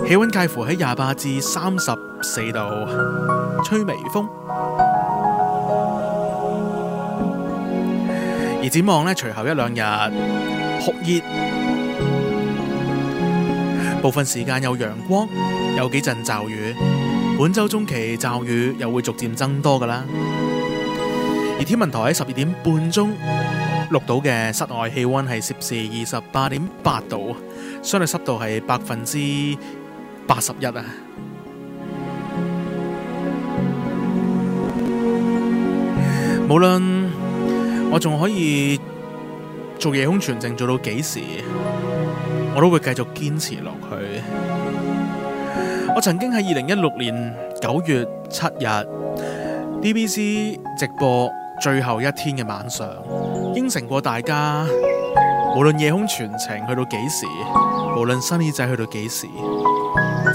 氣溫介乎喺廿八至三十四度，吹微風。而展望呢，隨後一兩日酷熱，部分時間有陽光，有幾陣驟雨。本周中期驟雨又會逐漸增多噶啦，而天文台喺十二點半鐘錄到嘅室外氣溫係攝氏二十八點八度，濕度是，相對濕度係百分之八十一啊。無論我仲可以做夜空傳情做到幾時，我都會繼續堅持落去。我曾經喺二零一六年九月七日 DBC 直播最後一天嘅晚上，應承過大家，無論夜空傳情去到幾時，無論新耳仔去到幾時，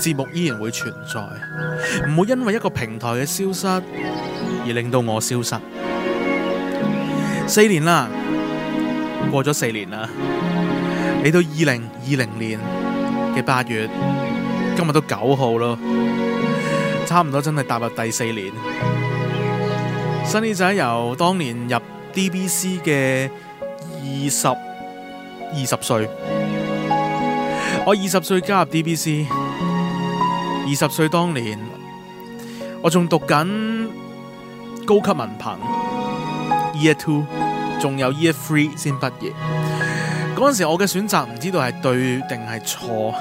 節目依然會存在，唔會因為一個平台嘅消失而令到我消失。四年啦，過咗四年啦，嚟到二零二零年嘅八月。今日都九號咯，差唔多真係踏入第四年。Sunny 仔由當年入 DBC 嘅二十二十歲，我二十歲加入 DBC，二十歲當年我仲讀緊高級文憑 Year Two，仲有 Year Three 先畢業。嗰陣時候我嘅選擇唔知道係對定係錯。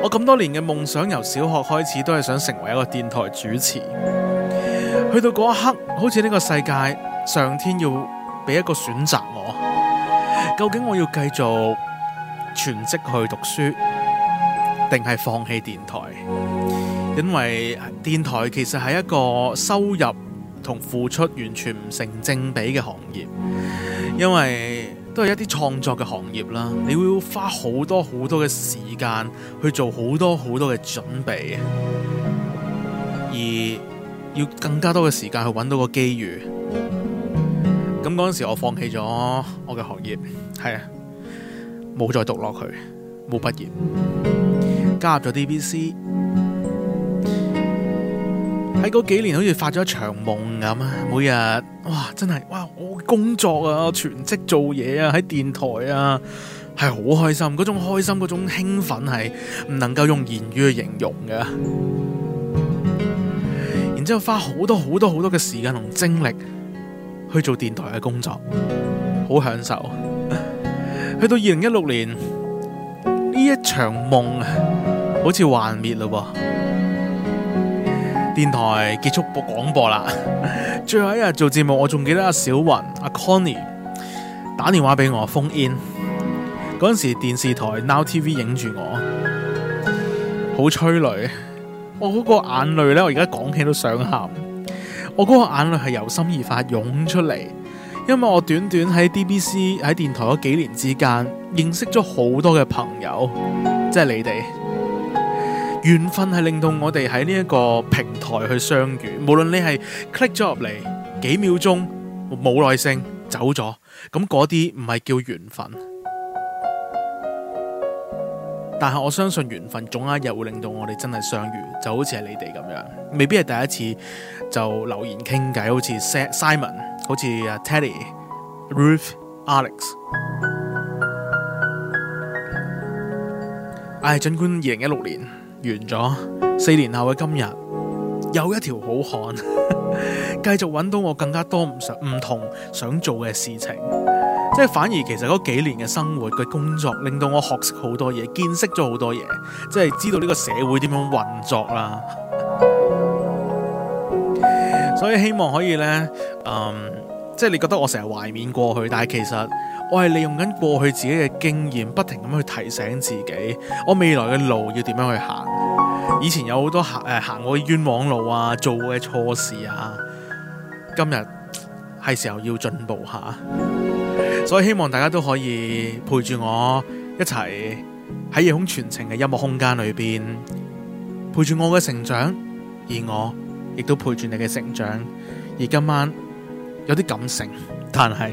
我咁多年嘅夢想，由小學開始都係想成為一個電台主持。去到嗰一刻，好似呢個世界，上天要俾一個選擇我。究竟我要繼續全職去讀書，定係放棄電台？因為電台其實係一個收入同付出完全唔成正比嘅行業，因為。都係一啲創作嘅行業啦，你會花好多好多嘅時間去做好多好多嘅準備，而要更加多嘅時間去揾到個機遇。咁嗰陣時，我放棄咗我嘅學業，係啊，冇再讀落去，冇畢業，加入咗 DBC。喺嗰幾年好似發咗一場夢咁啊！每日哇，真係哇，我工作啊，我全職做嘢啊，喺電台啊，係好開心，嗰種開心，嗰種興奮係唔能夠用言語去形容噶。然之後花好多好多好多嘅時間同精力去做電台嘅工作，好享受。去到二零一六年，呢一場夢啊，好似幻滅咯。電台結束播廣播啦，最後一日做節目，我仲記得阿小云、阿、啊、Connie 打電話俾我 phone in，嗰陣 時電視台 Now TV 影住我，好催淚。我嗰個眼淚咧，我而家講起都想喊。我嗰個眼淚係由心而發湧出嚟，因為我短短喺 DBC 喺電台嗰幾年之間，認識咗好多嘅朋友，即係你哋。緣分係令到我哋喺呢一個平台去相遇，無論你係 click 咗入嚟，幾秒鐘冇耐性走咗，咁嗰啲唔係叫緣分。但係我相信緣分總有一日會令到我哋真係相遇，就好似係你哋咁樣，未必係第一次就留言傾偈，好似 Simon，好似 Teddy，Ruth，Alex。唉，盡管二零一六年。完咗，四年後嘅今日，又一條好漢，繼續搵到我更加多唔想唔同想做嘅事情，即係反而其實嗰幾年嘅生活嘅工作，令到我學識好多嘢，見識咗好多嘢，即係知道呢個社會點樣運作啦。所以希望可以呢，嗯，即係你覺得我成日懷緬過去，但係其實。我係利用緊過去自己嘅經驗，不停咁去提醒自己，我未來嘅路要點樣去行？以前有好多行誒、呃、行過嘅冤枉路啊，做嘅錯事啊，今日係時候要進步下，所以希望大家都可以陪住我一齊喺夜空全程嘅音樂空間裏邊陪住我嘅成長，而我亦都陪住你嘅成長。而今晚有啲感性，但係。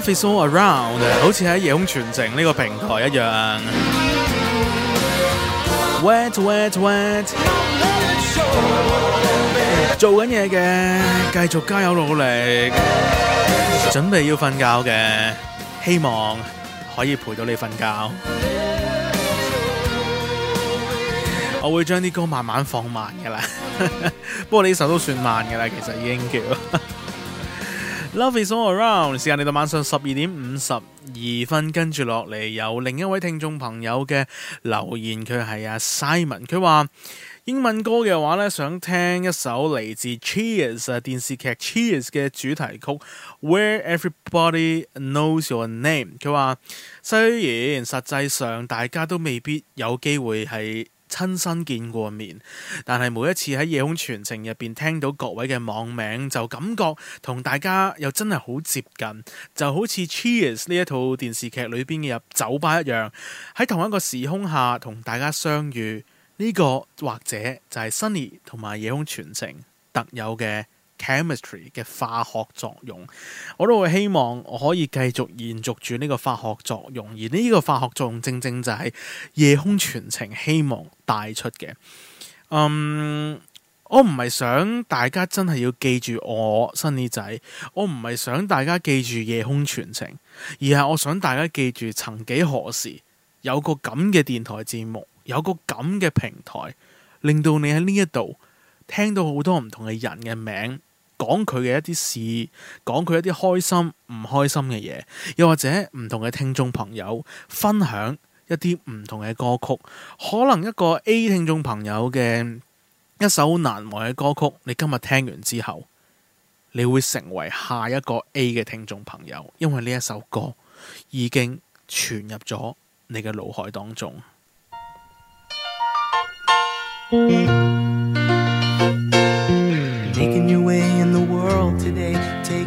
office all around，好似喺夜空傳情呢個平台一樣。Wet wet wet，做緊嘢嘅，繼續加油努力，準備要瞓覺嘅，希望可以陪到你瞓覺。 我會將啲歌慢慢放慢噶啦， 不過你呢首都算慢噶啦，其實已經叫。Love is all around。時間嚟到晚上十二點五十二分，跟住落嚟有另一位聽眾朋友嘅留言，佢係阿 Simon，佢話英文歌嘅話呢，想聽一首嚟自 Cheers 啊電視劇 Cheers 嘅主題曲 Where Everybody Knows Your Name。佢話雖然實際上大家都未必有機會喺親身見過面，但係每一次喺夜空傳情入邊聽到各位嘅網名，就感覺同大家又真係好接近，就好似 Cheers 呢一套電視劇裏邊嘅入酒吧一樣，喺同一個時空下同大家相遇，呢、這個或者就係 Sunny 同埋夜空傳情特有嘅。Chemistry 嘅化學作用，我都會希望我可以繼續延續住呢個化學作用，而呢個化學作用正正就係夜空傳情希望帶出嘅。嗯，我唔係想大家真係要記住我 Sunny 仔，我唔係想大家記住夜空傳情，而係我想大家記住曾幾何時有個咁嘅電台節目，有個咁嘅平台，令到你喺呢一度聽到好多唔同嘅人嘅名。講佢嘅一啲事，講佢一啲開心唔開心嘅嘢，又或者唔同嘅聽眾朋友分享一啲唔同嘅歌曲。可能一個 A 聽眾朋友嘅一首難忘嘅歌曲，你今日聽完之後，你會成為下一個 A 嘅聽眾朋友，因為呢一首歌已經傳入咗你嘅腦海當中。嗯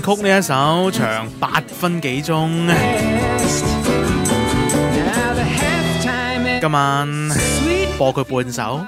曲呢一首長八分幾鐘，今晚播佢半首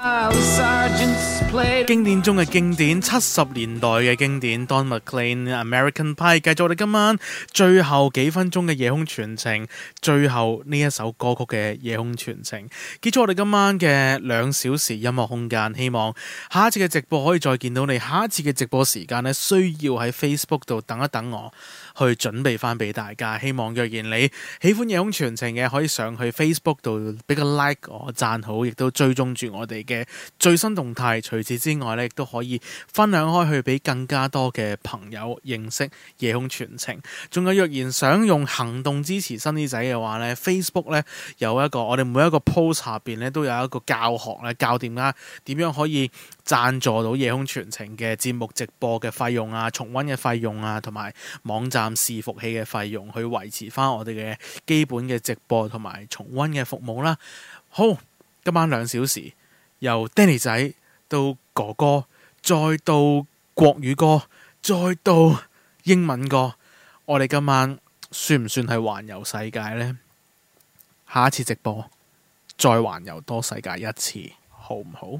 經典中嘅經典，七十年代嘅經典，Don McLean《American Pie》，繼續我哋今晚最後幾分鐘嘅夜空傳情。最後呢一首歌曲嘅夜空傳情結束我哋今晚嘅兩小時音樂空間，希望下一次嘅直播可以再見到你。下一次嘅直播時間咧，需要喺 Facebook 度等一等我，去準備翻俾大家。希望若然你喜歡夜空傳情嘅，可以上去 Facebook 度俾個 like 我，讚好，亦都追蹤住我哋嘅最新動態，除此之外咧，亦都可以分享開去俾更加多嘅朋友認識夜空傳情，仲有若然想用行動支持 Sunny 仔嘅話咧，Facebook 咧有一個，我哋每一個 post 下邊咧，都有一個教學咧，教點啦，點樣可以贊助到夜空傳情嘅節目直播嘅費用啊，重温嘅費用啊，同埋網站伺服器嘅費用，去維持翻我哋嘅基本嘅直播同埋重温嘅服務啦。好，今晚兩小時，由 Danny 仔到哥哥，再到國語歌，再到英文歌，我哋今晚。算唔算係環遊世界呢？下一次直播，再環遊多世界一次，好唔好？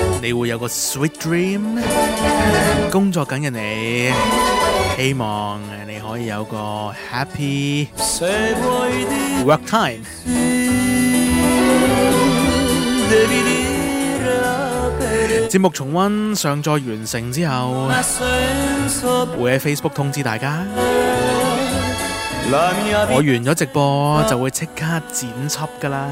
你會有個 sweet dream，工作緊嘅你，希望你可以有個 happy work time。節目重溫上載完成之後，會喺 Facebook 通知大家。我完咗直播就會即刻剪輯㗎啦。